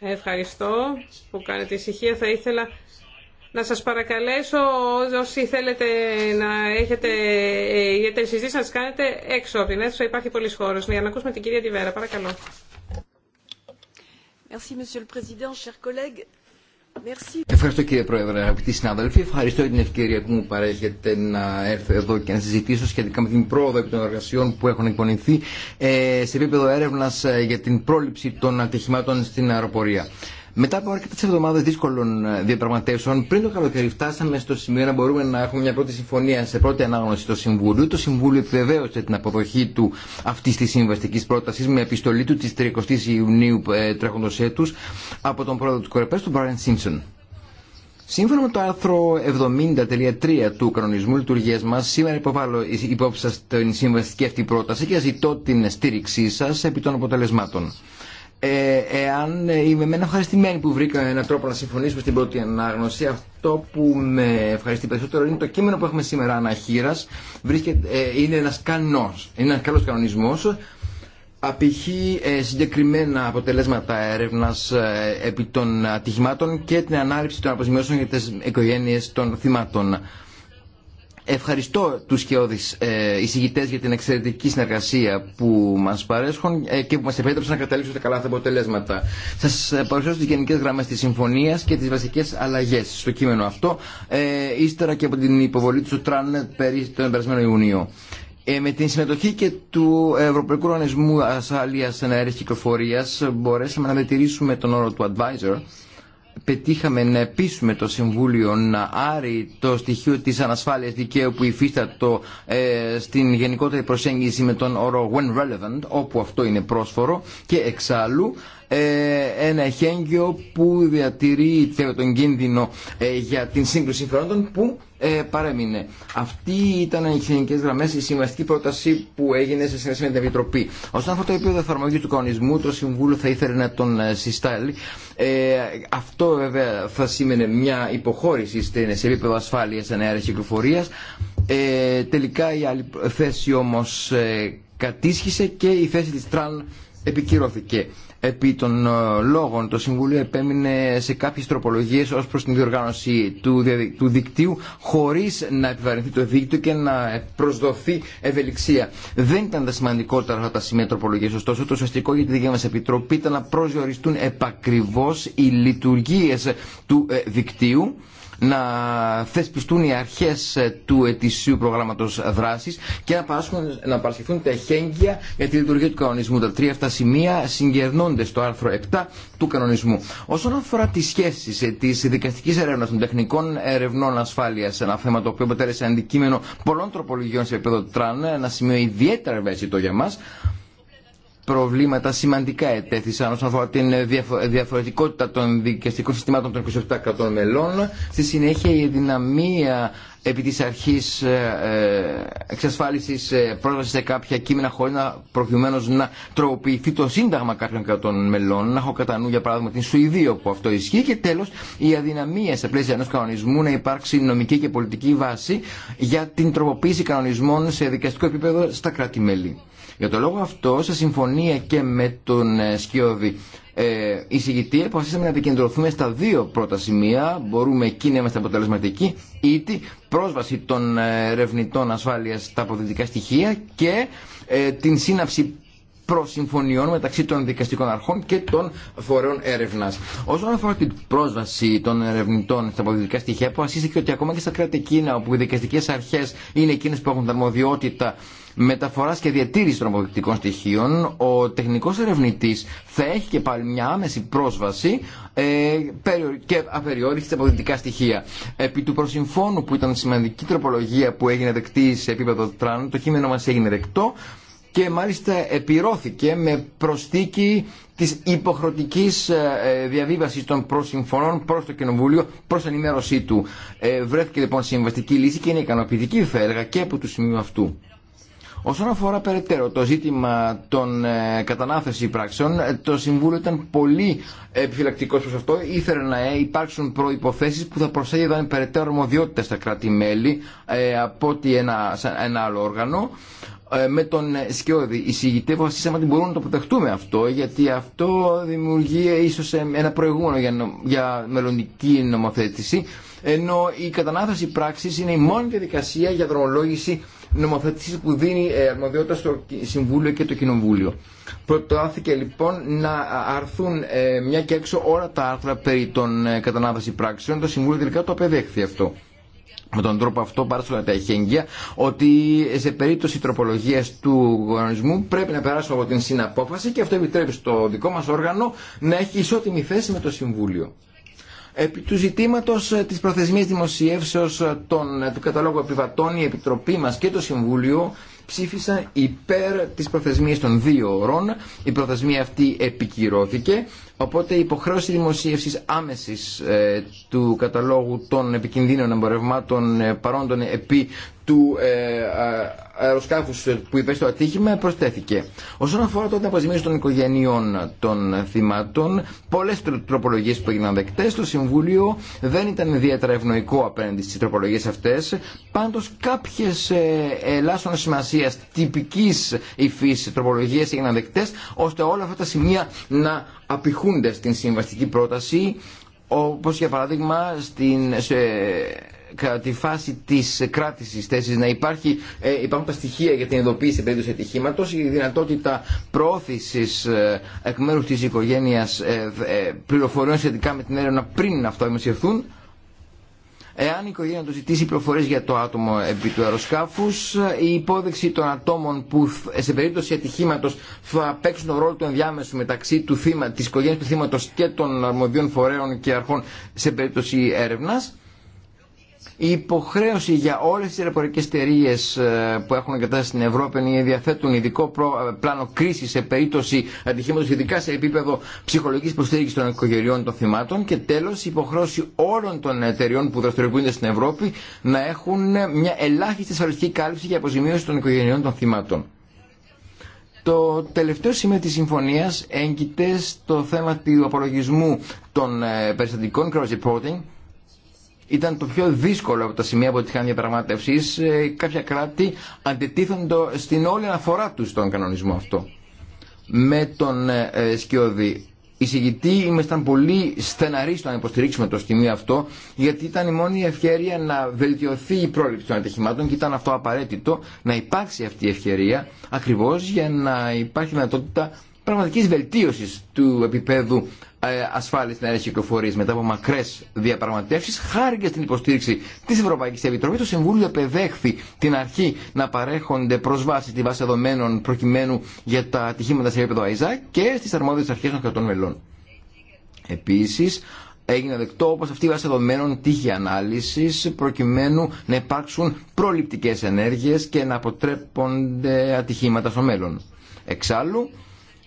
Ευχαριστώ που κάνετε ησυχία. Θα ήθελα να σας παρακαλέσω όσοι θέλετε να έχετε ιδιαίτερη ε, συζήτηση να τις κάνετε έξω από την αίθουσα. Υπάρχει πολλής χώρος. Ναι, για να ακούσουμε την κυρία Τιβέρα. Παρακαλώ. Ευχαριστώ κύριε Πρόεδρε, αγαπητοί συνάδελφοι. Ευχαριστώ για την ευκαιρία που μου παρέχετε να έρθω εδώ και να συζητήσω σχετικά με την πρόοδο των εργασιών που έχουν εκπονηθεί ε, σε επίπεδο έρευνα ε, για την πρόληψη των ατυχημάτων στην αεροπορία. Μετά από αρκετέ εβδομάδε δύσκολων ε, διαπραγματεύσεων, πριν το καλοκαίρι φτάσαμε στο σημείο να μπορούμε να έχουμε μια πρώτη συμφωνία σε πρώτη ανάγνωση στο Συμβούλιο. Το Συμβούλιο επιβεβαίωσε την αποδοχή του αυτή τη συμβαστική πρόταση με επιστολή του τη 30η Ιουνίου ε, τρέχοντο έτου από τον πρόεδρο του Κορεπέ, τον Μπάρεν Σίμψον. Σύμφωνα με το άρθρο 70.3 του κανονισμού λειτουργία μα, σήμερα υποβάλλω υπόψη σα την συμβαστική αυτή πρόταση και ζητώ την στήριξή σα επί των αποτελεσμάτων ε, εάν ε, είμαι μεν ευχαριστημένη που βρήκα έναν τρόπο να συμφωνήσουμε στην πρώτη ανάγνωση, αυτό που με ευχαριστεί περισσότερο είναι το κείμενο που έχουμε σήμερα αναχείρας. Ε, είναι ένας κανός, είναι ένας καλός κανονισμός, απηχεί ε, συγκεκριμένα αποτελέσματα έρευνας επί των ατυχημάτων και την ανάληψη των αποζημιώσεων για τις οικογένειες των θυμάτων. Ευχαριστώ τους σκιώδεις ε, εισηγητές για την εξαιρετική συνεργασία που μας παρέσχουν ε, και που μας επέτρεψαν να καταλήξουν τα καλά τα αποτελέσματα. Σας ε, παρουσιάζω τις γενικές γραμμές της συμφωνίας και τις βασικές αλλαγές στο κείμενο αυτό, ε, ύστερα και από την υποβολή του Τραν περί τον περασμένο Ιουνίο. Ε, με την συμμετοχή και του Ευρωπαϊκού Οργανισμού Ασφάλεια Εναέρης Κυκλοφορίας μπορέσαμε να διατηρήσουμε τον όρο του advisor πετύχαμε να πείσουμε το Συμβούλιο να άρει το στοιχείο της ανασφάλειας δικαίου που υφίστατο ε, στην γενικότερη προσέγγιση με τον όρο when relevant, όπου αυτό είναι πρόσφορο και εξάλλου ε, ένα εχέγγυο που διατηρεί τον κίνδυνο ε, για την σύγκρουση συμφερόντων που ε, παρέμεινε. Αυτή ήταν οι χειρονικέ γραμμέ, η σημαντική πρόταση που έγινε σε σχέση με την Επιτροπή. Όσον αυτό το επίπεδο εφαρμογή του κανονισμού, το Συμβούλιο θα ήθελε να τον συστάλλει. αυτό βέβαια θα σήμαινε μια υποχώρηση σε επίπεδο ασφάλεια ενέργεια κυκλοφορία. τελικά η άλλη θέση όμω κατήσχησε και η θέση τη Τραν επικυρώθηκε επί των ε, λόγων το Συμβούλιο επέμεινε σε κάποιες τροπολογίες ως προς την διοργάνωση του, του δικτύου χωρίς να επιβαρυνθεί το δίκτυο και να προσδοθεί ευελιξία. Δεν ήταν τα σημαντικότερα αυτά τα σημεία τροπολογίες, ωστόσο το σωστικό για τη δική μας Επιτροπή ήταν να προσδιοριστούν επακριβώς οι λειτουργίες του ε, δικτύου να θεσπιστούν οι αρχές ε, του ετησίου προγράμματος δράσης και να, να παρασχεθούν τα εχέγγυα για τη λειτουργία του κανονισμού. Τα τρία αυτά σημεία συγκερνώνται στο άρθρο 7 του κανονισμού. Όσον αφορά τις σχέσεις ε, της δικαστικής ερεύνας των τεχνικών ερευνών ασφάλειας, ένα θέμα το οποίο αποτέλεσε αντικείμενο πολλών τροπολογιών σε επίπεδο τραν, ένα σημείο ιδιαίτερα ευαίσθητο για μας, προβλήματα σημαντικά ετέθησαν όσον αφορά την διαφορετικότητα των δικαστικών συστημάτων των 27 κρατών μελών. Στη συνέχεια η δυναμία επί της αρχής ε, ε, εξασφάλισης ε, πρόσβασης σε κάποια κείμενα χωρίς να προκειμένως να τροποποιηθεί το σύνταγμα κάποιων κρατών μελών. Να έχω κατά νου για παράδειγμα την Σουηδία που αυτό ισχύει και τέλος η αδυναμία σε πλαίσια ενός κανονισμού να υπάρξει νομική και πολιτική βάση για την τροποποίηση κανονισμών σε δικαστικό επίπεδο στα κράτη-μέλη. Για το λόγο αυτό, σε συμφωνία και με τον ε, Σκιώδη ε, εισηγητή, αποφασίσαμε να επικεντρωθούμε στα δύο πρώτα σημεία. Μπορούμε εκεί να είμαστε αποτελεσματικοί, ήτι πρόσβαση των ε, ερευνητών ασφάλεια στα αποδεικτικά στοιχεία και ε, την σύναψη προσυμφωνιών μεταξύ των δικαστικών αρχών και των φορέων έρευνα. Όσον αφορά την πρόσβαση των ερευνητών στα αποδεικτικά στοιχεία, αποφασίστηκε ότι ακόμα και στα κράτη εκείνα όπου οι δικαστικέ αρχέ είναι εκείνε που έχουν τα αρμοδιότητα Μεταφορά και διατήρηση των αποδεικτικών στοιχείων, ο τεχνικό Ερευνητή θα έχει και πάλι μια άμεση πρόσβαση ε, και απεριόριστη αποδεικτικά στοιχεία. Επί του προσυμφώνου που ήταν σημαντική τροπολογία που έγινε δεκτή σε επίπεδο τράνου, το κείμενο μα έγινε δεκτό και μάλιστα επιρώθηκε με προσθήκη τη υποχρεωτική ε, διαβίβαση των προσυμφωνών προ το Κοινοβούλιο, προ ενημέρωσή του. Ε, βρέθηκε λοιπόν συμβαστική λύση και είναι ικανοποιητική θα και από του σημείου αυτού. Όσον αφορά περαιτέρω το ζήτημα των ε, κατανάθεση πράξεων, ε, το Συμβούλιο ήταν πολύ επιφυλακτικό προ αυτό. Ήθελε να ε, υπάρξουν προποθέσει που θα προσέγγιζαν περαιτέρω αρμοδιότητα στα κράτη-μέλη από ότι ένα, ένα άλλο όργανο με τον Σκιώδη. η συγητέ βασίσαμε ότι μπορούμε να το αποδεχτούμε αυτό, γιατί αυτό δημιουργεί ίσω ένα προηγούμενο για, για μελλοντική νομοθέτηση ενώ η κατανάθεση πράξη είναι η μόνη διαδικασία για δρομολόγηση νομοθετήσεις που δίνει ε, αρμοδιότητα στο Συμβούλιο και το Κοινοβούλιο. Προτάθηκε λοιπόν να αρθούν ε, μια και έξω όλα τα άρθρα περί των ε, κατανάθρωση πράξεων. Το Συμβούλιο τελικά το απεδέχθη αυτό. Με τον τρόπο αυτό παράσχουν τα εχέγγυα ότι σε περίπτωση τροπολογία του οργανισμού πρέπει να περάσουμε από την συναπόφαση και αυτό επιτρέπει στο δικό μα όργανο να έχει ισότιμη θέση με το Συμβούλιο. Επί του ζητήματος ε, της προθεσμία δημοσιεύσεω ε, ε, του καταλόγου επιβατών, η Επιτροπή μας και το Συμβούλιο ψήφισαν υπέρ της προθεσμίας των δύο ώρων. Η προθεσμία αυτή επικυρώθηκε, οπότε η υποχρέωση δημοσίευσης άμεσης του καταλόγου των επικινδύνων εμπορευμάτων παρόντων επί του ε, αεροσκάφους που υπέστη το ατύχημα προσθέθηκε. Όσον αφορά το αποζημίωση των οικογενειών των θυμάτων, πολλές τροπολογίες που έγιναν δεκτές στο Συμβούλιο δεν ήταν ιδιαίτερα ευνοϊκό απέναντι στις τροπολογίες αυτές. Πάντως κάποιες ε, ελάσσον σημασίας τυπικής υφής τροπολογίες έγιναν δεκτές, ώστε όλα αυτά τα σημεία να απηχούνται στην συμβαστική πρόταση όπως για παράδειγμα στην, κατά τη φάση τη κράτηση θέσης να υπάρχει, ε, υπάρχουν τα στοιχεία για την ειδοποίηση σε περίπτωση ατυχήματο, η δυνατότητα προώθησης ε, εκ μέρου τη οικογένεια ε, ε, πληροφοριών σχετικά με την έρευνα πριν αυτό εμεσυρθούν. Εάν η οικογένεια το ζητήσει πληροφορίε για το άτομο επί του αεροσκάφου, ε, η υπόδειξη των ατόμων που ε, σε περίπτωση ατυχήματο θα παίξουν τον ρόλο του ενδιάμεσου μεταξύ του θύμα, της οικογένειας του θύματος και των αρμοδίων φορέων και αρχών σε περίπτωση έρευνας η υποχρέωση για όλες τις αεροπορικές εταιρείε ε, που έχουν εγκατάσταση στην Ευρώπη να διαθέτουν ειδικό ε, πλάνο κρίσης σε περίπτωση ατυχήματος ειδικά σε επίπεδο ψυχολογικής προστήριξης των οικογενειών των θυμάτων και τέλος η υποχρέωση όλων των εταιρεών που δραστηριοποιούνται στην Ευρώπη να έχουν μια ελάχιστη ασφαλιστική κάλυψη για αποζημίωση των οικογενειών των θυμάτων. Το τελευταίο σημείο της συμφωνίας έγκυται στο θέμα του απολογισμού των ε, περιστατικών cross-reporting ήταν το πιο δύσκολο από τα σημεία που είχαν διαπραγματεύσει. Ε, κάποια κράτη αντιτίθονται στην όλη αναφορά του στον κανονισμό αυτό. Με τον ε, ε, Σκιώδη εισηγητή ήμασταν πολύ στεναροί στο να υποστηρίξουμε το σημείο αυτό, γιατί ήταν η μόνη ευκαιρία να βελτιωθεί η πρόληψη των ατυχημάτων και ήταν αυτό απαραίτητο να υπάρξει αυτή η ευκαιρία ακριβώ για να υπάρχει δυνατότητα Πραγματική βελτίωσης του επίπεδου ε, ασφάλεια στην αέρα κυκλοφορία μετά από μακρέ διαπραγματεύσει, χάρη και στην υποστήριξη τη Ευρωπαϊκή Επιτροπή, το Συμβούλιο επεδέχθη την αρχή να παρέχονται προσβάσει στη βάση δεδομένων προκειμένου για τα ατυχήματα σε επίπεδο ΑΙΖΑ και στι αρμόδιε αρχέ των κρατών μελών. Επίση, έγινε δεκτό όπω αυτή η βάση δεδομένων τύχη ανάλυση προκειμένου να υπάρξουν προληπτικέ ενέργειε και να αποτρέπονται ατυχήματα στο μέλλον. Εξάλλου,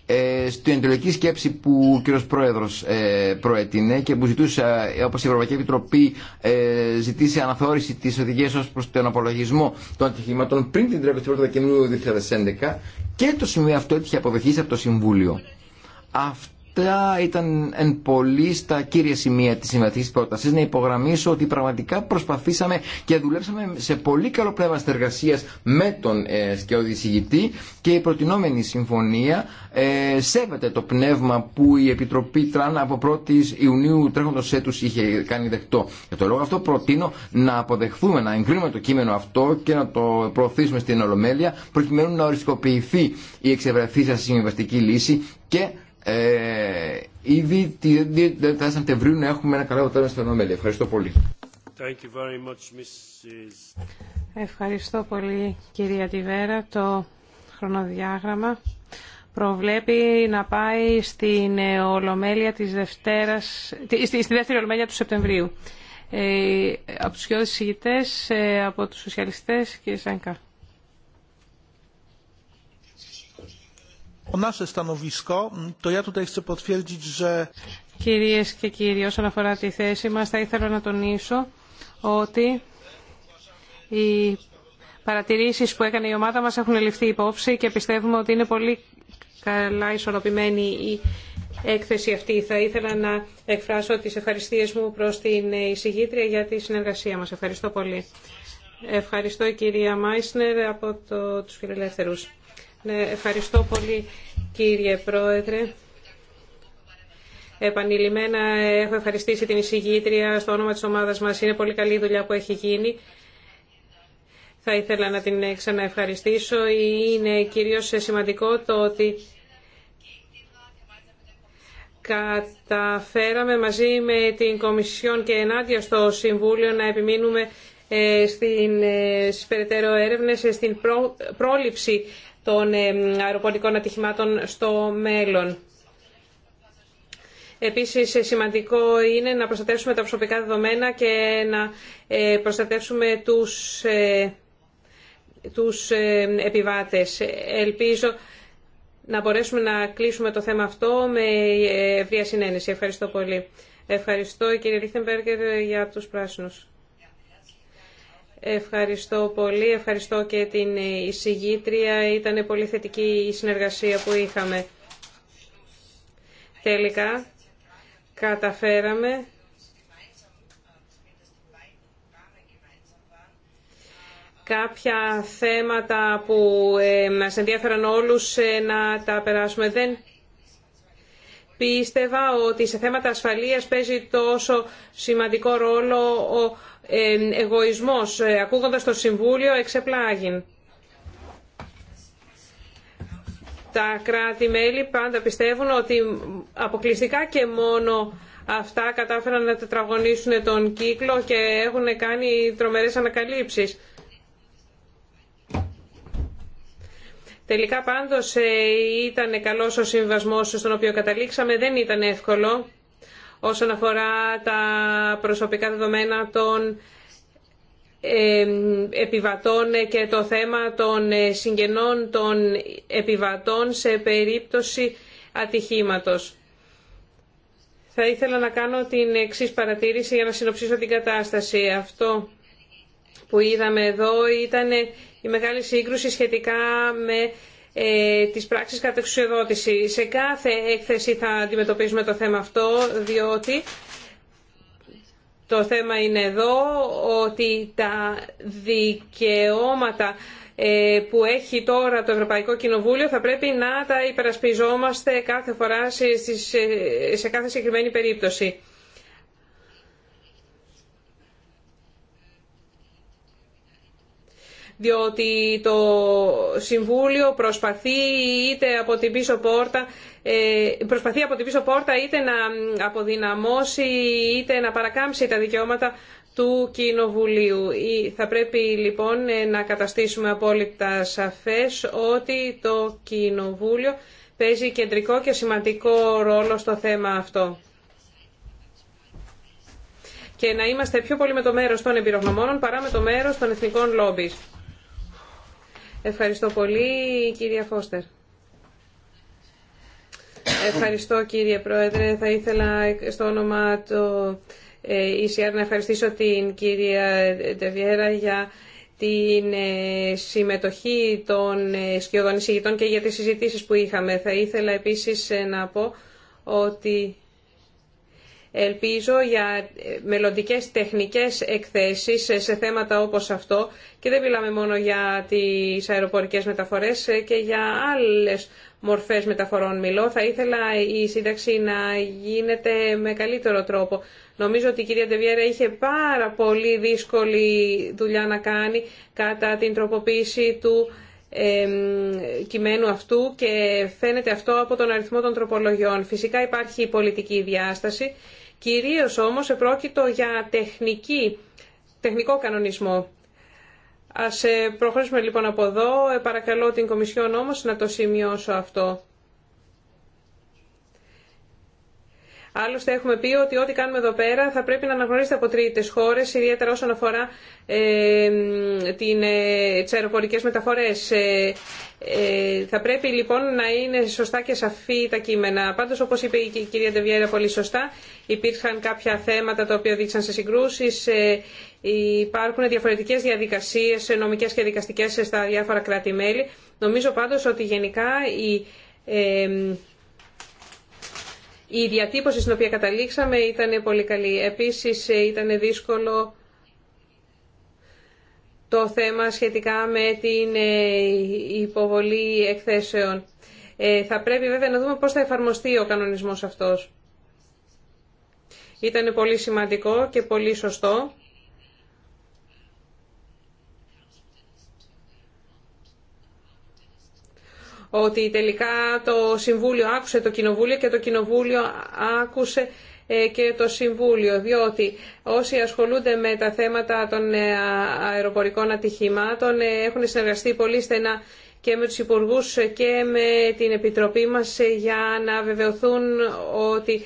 ε, στην εντολική σκέψη που ο κ. Πρόεδρος ε, προέτεινε και που ζητούσε, ε, όπως η Ευρωπαϊκή Επιτροπή ζητήσει αναθεώρηση της οδηγίας ω προς τον απολογισμό των ατυχημάτων πριν την 31η Δεκεμβρίου 2011 και το σημείο αυτό έτυχε αποδοχή από το Συμβούλιο. Αυτό Αυτά ήταν εν πολύ στα κύρια σημεία της συμβατικής πρότασης. Να υπογραμμίσω ότι πραγματικά προσπαθήσαμε και δουλέψαμε σε πολύ καλό πνεύμα συνεργασία με τον ε, και η προτινόμενη συμφωνία ε, σέβεται το πνεύμα που η Επιτροπή Τραν από 1η Ιουνίου τρέχοντος έτους είχε κάνει δεκτό. Για το λόγο αυτό προτείνω να αποδεχθούμε, να εγκρίνουμε το κείμενο αυτό και να το προωθήσουμε στην Ολομέλεια προκειμένου να οριστικοποιηθεί η εξευρεθή σα συμβαστική λύση και ε, ήδη τη 4 Σεπτεμβρίου να έχουμε ένα καλό αποτέλεσμα στον Ομέλη. Ευχαριστώ πολύ. Ευχαριστώ πολύ κυρία Τιβέρα. Το χρονοδιάγραμμα προβλέπει να πάει στην ε, Ολομέλεια της Δευτέρας, στη, δεύτερη Ολομέλεια του Σεπτεμβρίου. Ε, από τους χιλιάδες συγγητές, ε, από τους σοσιαλιστές και Σανκά. o Κυρίες και κύριοι, όσον αφορά τη θέση μας, θα ήθελα να τονίσω ότι οι παρατηρήσεις που έκανε η ομάδα μας έχουν ληφθεί υπόψη και πιστεύουμε ότι είναι πολύ καλά ισορροπημένη η έκθεση αυτή. Θα ήθελα να εκφράσω τις ευχαριστίες μου προς την εισηγήτρια για τη συνεργασία μας. Ευχαριστώ πολύ. Ευχαριστώ κυρία Μάισνερ από το, τους ναι, ευχαριστώ πολύ κύριε Πρόεδρε. Επανειλημμένα έχω ευχαριστήσει την εισηγήτρια στο όνομα της ομάδας μας. Είναι πολύ καλή δουλειά που έχει γίνει. Θα ήθελα να την ξαναευχαριστήσω. Είναι κυρίως σημαντικό το ότι καταφέραμε μαζί με την Κομισιόν και ενάντια στο Συμβούλιο να επιμείνουμε ε, στην ε, περαιτέρω έρευνες, ε, στην πρόληψη των αεροπορικών ατυχημάτων στο μέλλον. Επίσης σημαντικό είναι να προστατεύσουμε τα προσωπικά δεδομένα και να ε, προστατεύσουμε τους, ε, τους ε, επιβάτες. Ελπίζω να μπορέσουμε να κλείσουμε το θέμα αυτό με ευρία συνένεση. Ευχαριστώ πολύ. Ευχαριστώ κύριε Ρίχτεμπεργκερ για τους πράσινους. Ευχαριστώ πολύ. Ευχαριστώ και την εισηγήτρια. Ήταν πολύ θετική η συνεργασία που είχαμε. Τελικά, καταφέραμε κάποια θέματα που ε, μας ενδιαφέραν όλους ε, να τα περάσουμε. Δεν πίστευα ότι σε θέματα ασφαλείας παίζει τόσο σημαντικό ρόλο εγωισμός. Ε, ακούγοντας το Συμβούλιο, εξεπλάγην. Τα κράτη-μέλη πάντα πιστεύουν ότι αποκλειστικά και μόνο αυτά κατάφεραν να τετραγωνίσουν τον κύκλο και έχουν κάνει τρομερές ανακαλύψεις. Τελικά πάντως ε, ήταν καλός ο συμβασμός στον οποίο καταλήξαμε, δεν ήταν εύκολο όσον αφορά τα προσωπικά δεδομένα των επιβατών και το θέμα των ε, συγγενών των επιβατών σε περίπτωση ατυχήματος. Θα ήθελα να κάνω την εξή παρατήρηση για να συνοψίσω την κατάσταση. Αυτό που είδαμε εδώ ήταν η μεγάλη σύγκρουση σχετικά με ε, της πράξεις κατεξουσιοδότηση. Σε κάθε έκθεση θα αντιμετωπίζουμε το θέμα αυτό, διότι το θέμα είναι εδώ ότι τα δικαιώματα ε, που έχει τώρα το Ευρωπαϊκό Κοινοβούλιο θα πρέπει να τα υπερασπιζόμαστε κάθε φορά σε κάθε συγκεκριμένη περίπτωση. διότι το Συμβούλιο προσπαθεί είτε από την πίσω πόρτα ε, προσπαθεί από την πίσω πόρτα είτε να αποδυναμώσει είτε να παρακάμψει τα δικαιώματα του Κοινοβουλίου. Θα πρέπει λοιπόν ε, να καταστήσουμε απόλυτα σαφές ότι το Κοινοβούλιο παίζει κεντρικό και σημαντικό ρόλο στο θέμα αυτό. Και να είμαστε πιο πολύ με το μέρος των εμπειρογνωμόνων παρά με το μέρος των εθνικών λόμπις. Ευχαριστώ πολύ, κυρία Φώστερ. Ευχαριστώ, κύριε Πρόεδρε. Θα ήθελα στο όνομα του ε, ECR να ευχαριστήσω την κυρία Ντεβιέρα για την ε, συμμετοχή των ε, σκιωδών εισηγητών και για τις συζητήσεις που είχαμε. Θα ήθελα επίσης να πω ότι Ελπίζω για ε, μελλοντικές τεχνικές εκθέσεις σε θέματα όπως αυτό και δεν μιλάμε μόνο για τις αεροπορικές μεταφορές ε, και για άλλες μορφές μεταφορών μιλώ. Θα ήθελα η σύνταξη να γίνεται με καλύτερο τρόπο. Νομίζω ότι η κυρία Ντεβιέρα είχε πάρα πολύ δύσκολη δουλειά να κάνει κατά την τροποποίηση του κειμένου αυτού και φαίνεται αυτό από τον αριθμό των τροπολογιών. Φυσικά υπάρχει η πολιτική διάσταση Κυρίως όμως επρόκειτο για τεχνική, τεχνικό κανονισμό. Ας ε, προχωρήσουμε λοιπόν από εδώ. Ε, παρακαλώ την Κομισιόν όμως να το σημειώσω αυτό. Άλλωστε έχουμε πει ότι ό,τι κάνουμε εδώ πέρα θα πρέπει να αναγνωρίζεται από τρίτες χώρες, ιδιαίτερα όσον αφορά ε, την, ε, τις αεροπορικές μεταφορές. Ε, ε, θα πρέπει λοιπόν να είναι σωστά και σαφή τα κείμενα. Πάντως όπως είπε η κυρία Ντεβιέρα πολύ σωστά υπήρχαν κάποια θέματα τα οποία δείξαν σε συγκρούσεις, ε, υπάρχουν διαφορετικές διαδικασίες νομικές και δικαστικές στα διάφορα κράτη-μέλη. Νομίζω πάντως ότι γενικά η, η διατύπωση στην οποία καταλήξαμε ήταν πολύ καλή. Επίσης ε, ήταν δύσκολο το θέμα σχετικά με την ε, υποβολή εκθέσεων. Ε, θα πρέπει βέβαια να δούμε πώς θα εφαρμοστεί ο κανονισμός αυτός. Ήταν πολύ σημαντικό και πολύ σωστό. ότι τελικά το Συμβούλιο άκουσε το Κοινοβούλιο και το Κοινοβούλιο άκουσε ε, και το Συμβούλιο, διότι όσοι ασχολούνται με τα θέματα των ε, αεροπορικών ατυχημάτων ε, έχουν συνεργαστεί πολύ στενά και με τους Υπουργούς και με την Επιτροπή μας για να βεβαιωθούν ότι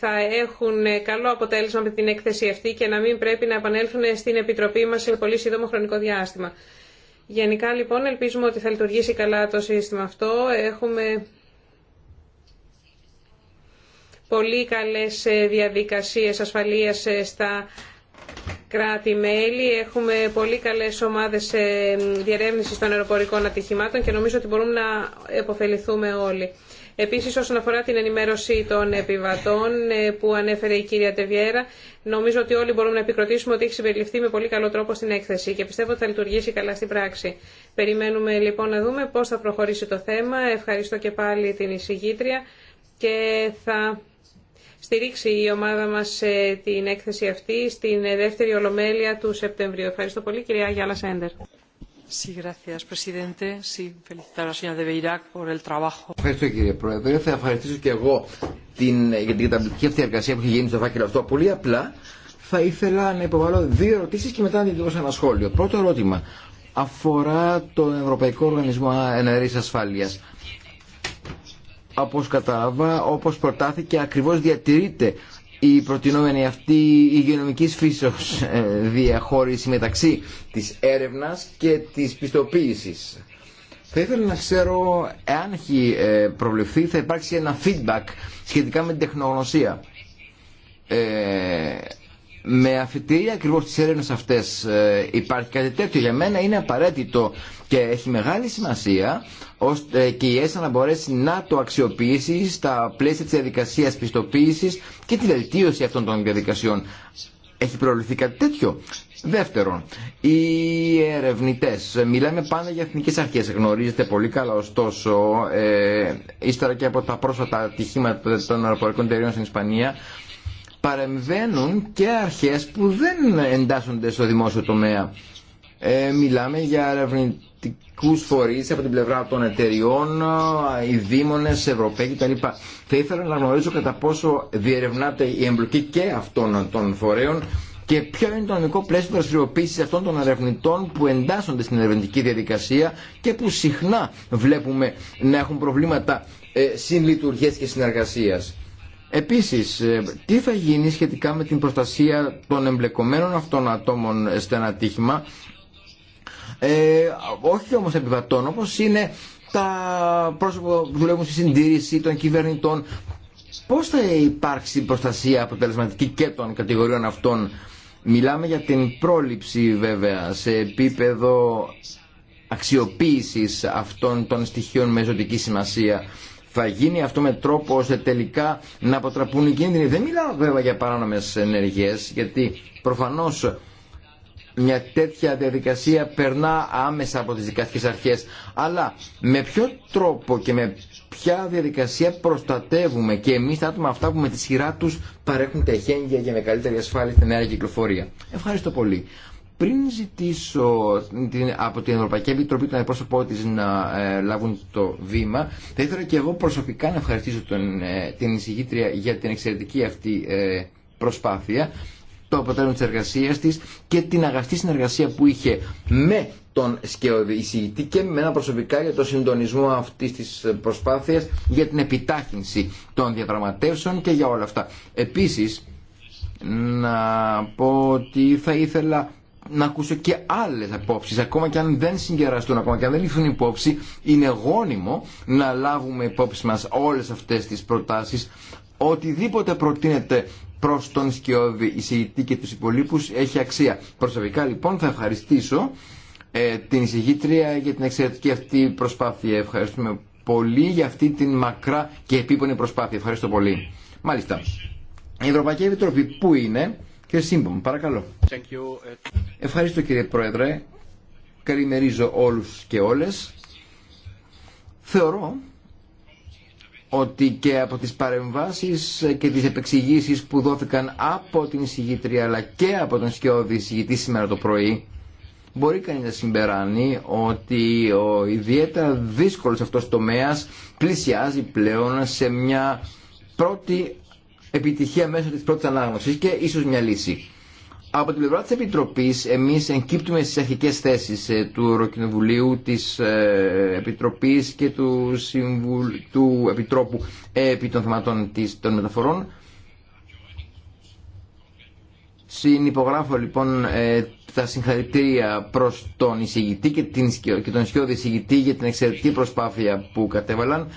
θα έχουν καλό αποτέλεσμα με την έκθεση αυτή και να μην πρέπει να επανέλθουν στην Επιτροπή μας σε πολύ σύντομο χρονικό διάστημα. Γενικά λοιπόν ελπίζουμε ότι θα λειτουργήσει καλά το σύστημα αυτό. Έχουμε πολύ καλές ε, διαδικασίες ασφαλείας ε, στα κράτη-μέλη. Έχουμε πολύ καλές ομάδες ε, διερεύνησης των αεροπορικών ατυχημάτων και νομίζω ότι μπορούμε να επωφεληθούμε όλοι. Επίσης όσον αφορά την ενημέρωση των επιβατών που ανέφερε η κυρία Τεβιέρα, νομίζω ότι όλοι μπορούμε να επικροτήσουμε ότι έχει συμπεριληφθεί με πολύ καλό τρόπο στην έκθεση και πιστεύω ότι θα λειτουργήσει καλά στην πράξη. Περιμένουμε λοιπόν να δούμε πώς θα προχωρήσει το θέμα. Ευχαριστώ και πάλι την εισηγήτρια και θα στηρίξει η ομάδα μας την έκθεση αυτή στην δεύτερη ολομέλεια του Σεπτεμβρίου. Ευχαριστώ πολύ κυρία Γιάλα Σέντερ. Ευχαριστώ κύριε Πρόεδρε. Θα ευχαριστήσω και εγώ την, για την καταπληκτική αυτή εργασία που έχει γίνει στο φάκελο αυτό. Πολύ απλά θα ήθελα να υποβάλω δύο ερωτήσει και μετά να σε ένα σχόλιο. Πρώτο ερώτημα αφορά τον Ευρωπαϊκό Οργανισμό Ενεργή Ασφάλεια όπως κατάλαβα, όπως προτάθηκε, ακριβώς διατηρείται η προτινόμενη αυτή υγειονομική φύσεως ε, διαχώρηση μεταξύ της έρευνας και της πιστοποίησης. Θα ήθελα να ξέρω, εάν έχει ε, προβλεφθεί, θα υπάρξει ένα feedback σχετικά με την τεχνογνωσία. Ε, με αφιτηρία ακριβώ τι έρευνε αυτέ ε, υπάρχει κάτι τέτοιο, για μένα είναι απαραίτητο και έχει μεγάλη σημασία ώστε και η ΕΣΑ να μπορέσει να το αξιοποιήσει στα πλαίσια τη διαδικασία πιστοποίηση και τη βελτίωση αυτών των διαδικασιών. Έχει προβληθεί κάτι τέτοιο. Δεύτερον, οι ερευνητέ. Μιλάμε πάντα για εθνικέ αρχέ. Γνωρίζετε πολύ καλά, ωστόσο, ε, ύστερα και από τα πρόσφατα ατυχήματα των αεροπορικών εταιριών στην Ισπανία, παρεμβαίνουν και αρχές που δεν εντάσσονται στο δημόσιο τομέα. Ε, μιλάμε για ερευνητικού φορείς από την πλευρά των εταιριών, οι δήμονες, Ευρωπαίοι κτλ. Θα ήθελα να γνωρίζω κατά πόσο διερευνάται η εμπλοκή και αυτών των φορέων και ποιο είναι το νομικό πλαίσιο δραστηριοποίηση αυτών των ερευνητών που εντάσσονται στην ερευνητική διαδικασία και που συχνά βλέπουμε να έχουν προβλήματα ε, και συνεργασίας. Επίσης, ε, τι θα γίνει σχετικά με την προστασία των εμπλεκομένων αυτών ατόμων σε ένα ε, όχι όμως επιβατών, όπως είναι τα πρόσωπα που δουλεύουν στη συντήρηση των κυβερνητών. Πώς θα υπάρξει προστασία αποτελεσματική και των κατηγοριών αυτών. Μιλάμε για την πρόληψη βέβαια σε επίπεδο αξιοποίησης αυτών των στοιχείων με ζωτική σημασία θα γίνει αυτό με τρόπο ώστε τελικά να αποτραπούν οι κίνδυνοι. Δεν μιλάω βέβαια για παράνομες ενέργειες, γιατί προφανώς μια τέτοια διαδικασία περνά άμεσα από τις δικαστικές αρχές. Αλλά με ποιο τρόπο και με ποια διαδικασία προστατεύουμε και εμείς τα άτομα αυτά που με τη σειρά τους παρέχουν τα για μεγαλύτερη ασφάλεια στην νέα κυκλοφορία. Ευχαριστώ πολύ. Πριν ζητήσω από την Ευρωπαϊκή Επιτροπή των εκπρόσωπό τη να ε, λάβουν το βήμα, θα ήθελα και εγώ προσωπικά να ευχαριστήσω τον, ε, την εισηγήτρια για την εξαιρετική αυτή ε, προσπάθεια, το αποτέλεσμα τη εργασία τη και την αγαστή συνεργασία που είχε με τον εισηγητή και με ένα προσωπικά για το συντονισμό αυτή τη προσπάθεια, για την επιτάχυνση των διαπραγματεύσεων και για όλα αυτά. Επίση, να πω ότι θα ήθελα να ακούσω και άλλε απόψει, ακόμα και αν δεν συγκεραστούν, ακόμα και αν δεν ληφθούν υπόψη, είναι γόνιμο να λάβουμε υπόψη μα όλε αυτέ τι προτάσει Οτιδήποτε προτείνεται προ τον Σκιώδη εισηγητή και του υπολείπου έχει αξία. Προσωπικά λοιπόν θα ευχαριστήσω ε, την εισηγήτρια για την εξαιρετική αυτή προσπάθεια. Ευχαριστούμε πολύ για αυτή την μακρά και επίπονη προσπάθεια. Ευχαριστώ πολύ. Μάλιστα. Η Ευρωπαϊκή Επιτροπή πού είναι Κύριε παρακαλώ. Ε, Ευχαριστώ κύριε Πρόεδρε. Καλημερίζω όλους και όλες. Θεωρώ ότι και από τις παρεμβάσεις και τις επεξηγήσεις που δόθηκαν από την εισηγήτρια αλλά και από τον σκιώδη εισηγητή σήμερα το πρωί μπορεί κανείς να συμπεράνει ότι ο ιδιαίτερα δύσκολος αυτός τομέας πλησιάζει πλέον σε μια πρώτη επιτυχία μέσω της πρώτης ανάγνωσης και ίσως μια λύση. Από την πλευρά της Επιτροπής εμείς εγκύπτουμε στις αρχικές θέσεις ε, του Ευρωκοινοβουλίου, της ε, Επιτροπής και του, Συμβουλ, του Επιτρόπου ε, επί των θεματών της, των μεταφορών. Συνυπογράφω λοιπόν τα συγχαρητήρια προς τον εισηγητή και, την, και τον ισχυρό εισηγητή για την εξαιρετική προσπάθεια που κατέβαλαν.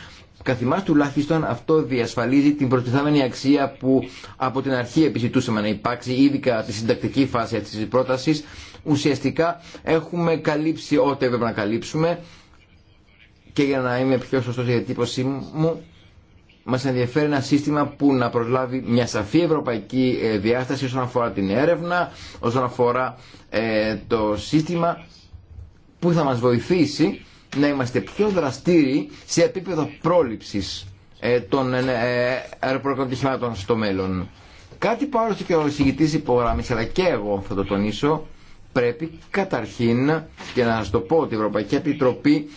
Καθ' τουλάχιστον αυτό διασφαλίζει την προστιθάμενη αξία που από την αρχή επιζητούσαμε να υπάρξει ήδη κατά τη συντακτική φάση αυτής της πρότασης. Ουσιαστικά έχουμε καλύψει ό,τι έπρεπε να καλύψουμε και για να είμαι πιο σωστός για διατύπωσή μου μας ενδιαφέρει ένα σύστημα που να προσλάβει μια σαφή ευρωπαϊκή ε, διάσταση όσον αφορά την έρευνα, όσον αφορά ε, το σύστημα που θα μας βοηθήσει να είμαστε πιο δραστήριοι σε επίπεδο πρόληψης ε, των ε, ε, αεροπορικών στο μέλλον. Κάτι που άλλωστε και ο συγητής υπογράμμισε, αλλά και εγώ θα το τονίσω, πρέπει καταρχήν, και να σας το πω, ότι η Ευρωπαϊκή Επιτροπή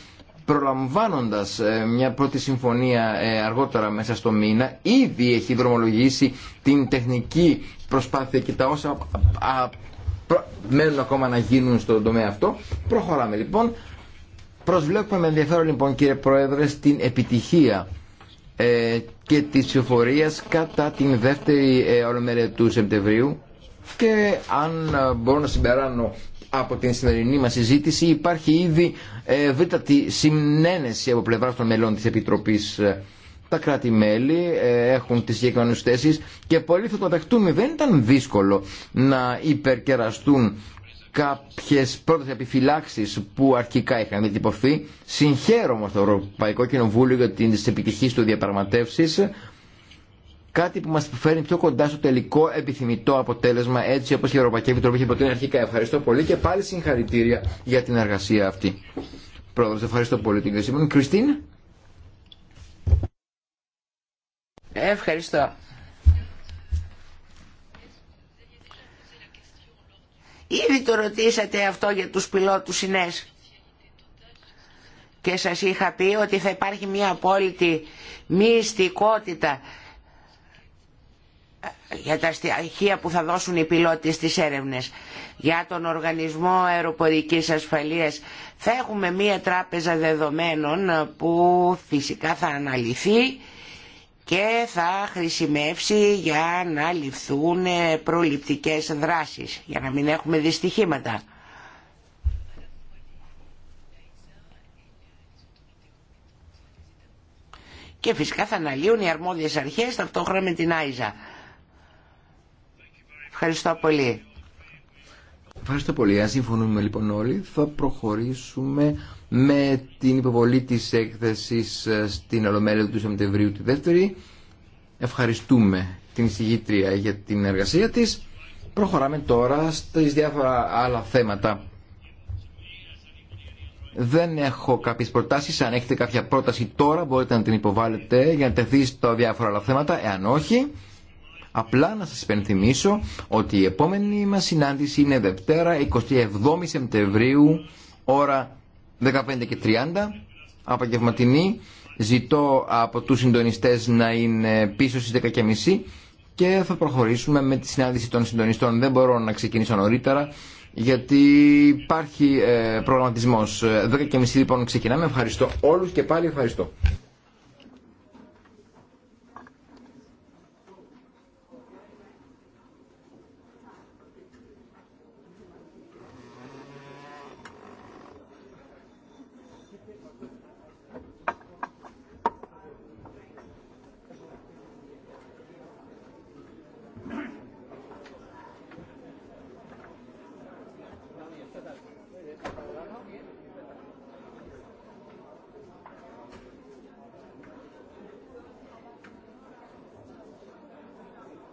προλαμβάνοντας μια πρώτη συμφωνία αργότερα μέσα στο μήνα, ήδη έχει δρομολογήσει την τεχνική προσπάθεια και τα όσα μένουν ακόμα να γίνουν στον τομέα αυτό. Προχωράμε λοιπόν, Προσβλέπουμε με ενδιαφέρον λοιπόν κύριε Πρόεδρε στην επιτυχία ε, και τη ψηφοφορίας κατά την δεύτερη ε, ολομέρεια του Σεπτεμβρίου και αν ε, μπορώ να συμπεράνω από την σημερινή μας συζήτηση υπάρχει ήδη ευρύτατη συνένεση από πλευρά των μελών της Επιτροπής ε, τα κράτη-μέλη έχουν τις συγκεκριμένες θέσεις και πολλοί θα το δεχτούμε. Δεν ήταν δύσκολο να υπερκεραστούν κάποιες πρώτε επιφυλάξει που αρχικά είχαν εντυπωθεί Συγχαίρομαι στο το Ευρωπαϊκό Κοινοβούλιο για την επιτυχίες του διαπραγματεύσει. κάτι που μας φέρνει πιο κοντά στο τελικό επιθυμητό αποτέλεσμα έτσι όπως η Ευρωπαϊκή Επιτροπή είχε προτείνει αρχικά. Ευχαριστώ πολύ και πάλι συγχαρητήρια για την εργασία αυτή. Πρόεδρο, ευχαριστώ πολύ την κυρία Κριστίν. Ευχαριστώ. Ήδη το ρωτήσατε αυτό για τους πιλότους ΙΝΕΣ και σας είχα πει ότι θα υπάρχει μια απόλυτη μυστικότητα για τα στοιχεία που θα δώσουν οι πιλότοι στις έρευνες. Για τον Οργανισμό Αεροπορικής Ασφαλείας θα έχουμε μία τράπεζα δεδομένων που φυσικά θα αναλυθεί και θα χρησιμεύσει για να ληφθούν ε, προληπτικές δράσεις, για να μην έχουμε δυστυχήματα. Και φυσικά θα αναλύουν οι αρμόδιες αρχές ταυτόχρονα με την Άιζα. Ευχαριστώ πολύ. Ευχαριστώ πολύ. Αν συμφωνούμε λοιπόν όλοι, θα προχωρήσουμε με την υποβολή της έκθεσης ε, στην Ολομέλεια του Σεπτεμβρίου τη δεύτερη. Ευχαριστούμε την εισηγήτρια για την εργασία της. Προχωράμε τώρα στις διάφορα άλλα θέματα. Δεν έχω κάποιες προτάσεις. Αν έχετε κάποια πρόταση τώρα μπορείτε να την υποβάλλετε για να τεθεί στα διάφορα άλλα θέματα. Εάν όχι, απλά να σας υπενθυμίσω ότι η επόμενη μας συνάντηση είναι Δευτέρα 27 Σεπτεμβρίου ώρα 15 και 30, απαγευματινή Ζητώ από τους συντονιστές να είναι πίσω στις 10.30 και θα προχωρήσουμε με τη συνάντηση των συντονιστών. Δεν μπορώ να ξεκινήσω νωρίτερα γιατί υπάρχει ε, προγραμματισμός. 10.30 ε, λοιπόν ξεκινάμε. Ευχαριστώ όλους και πάλι ευχαριστώ.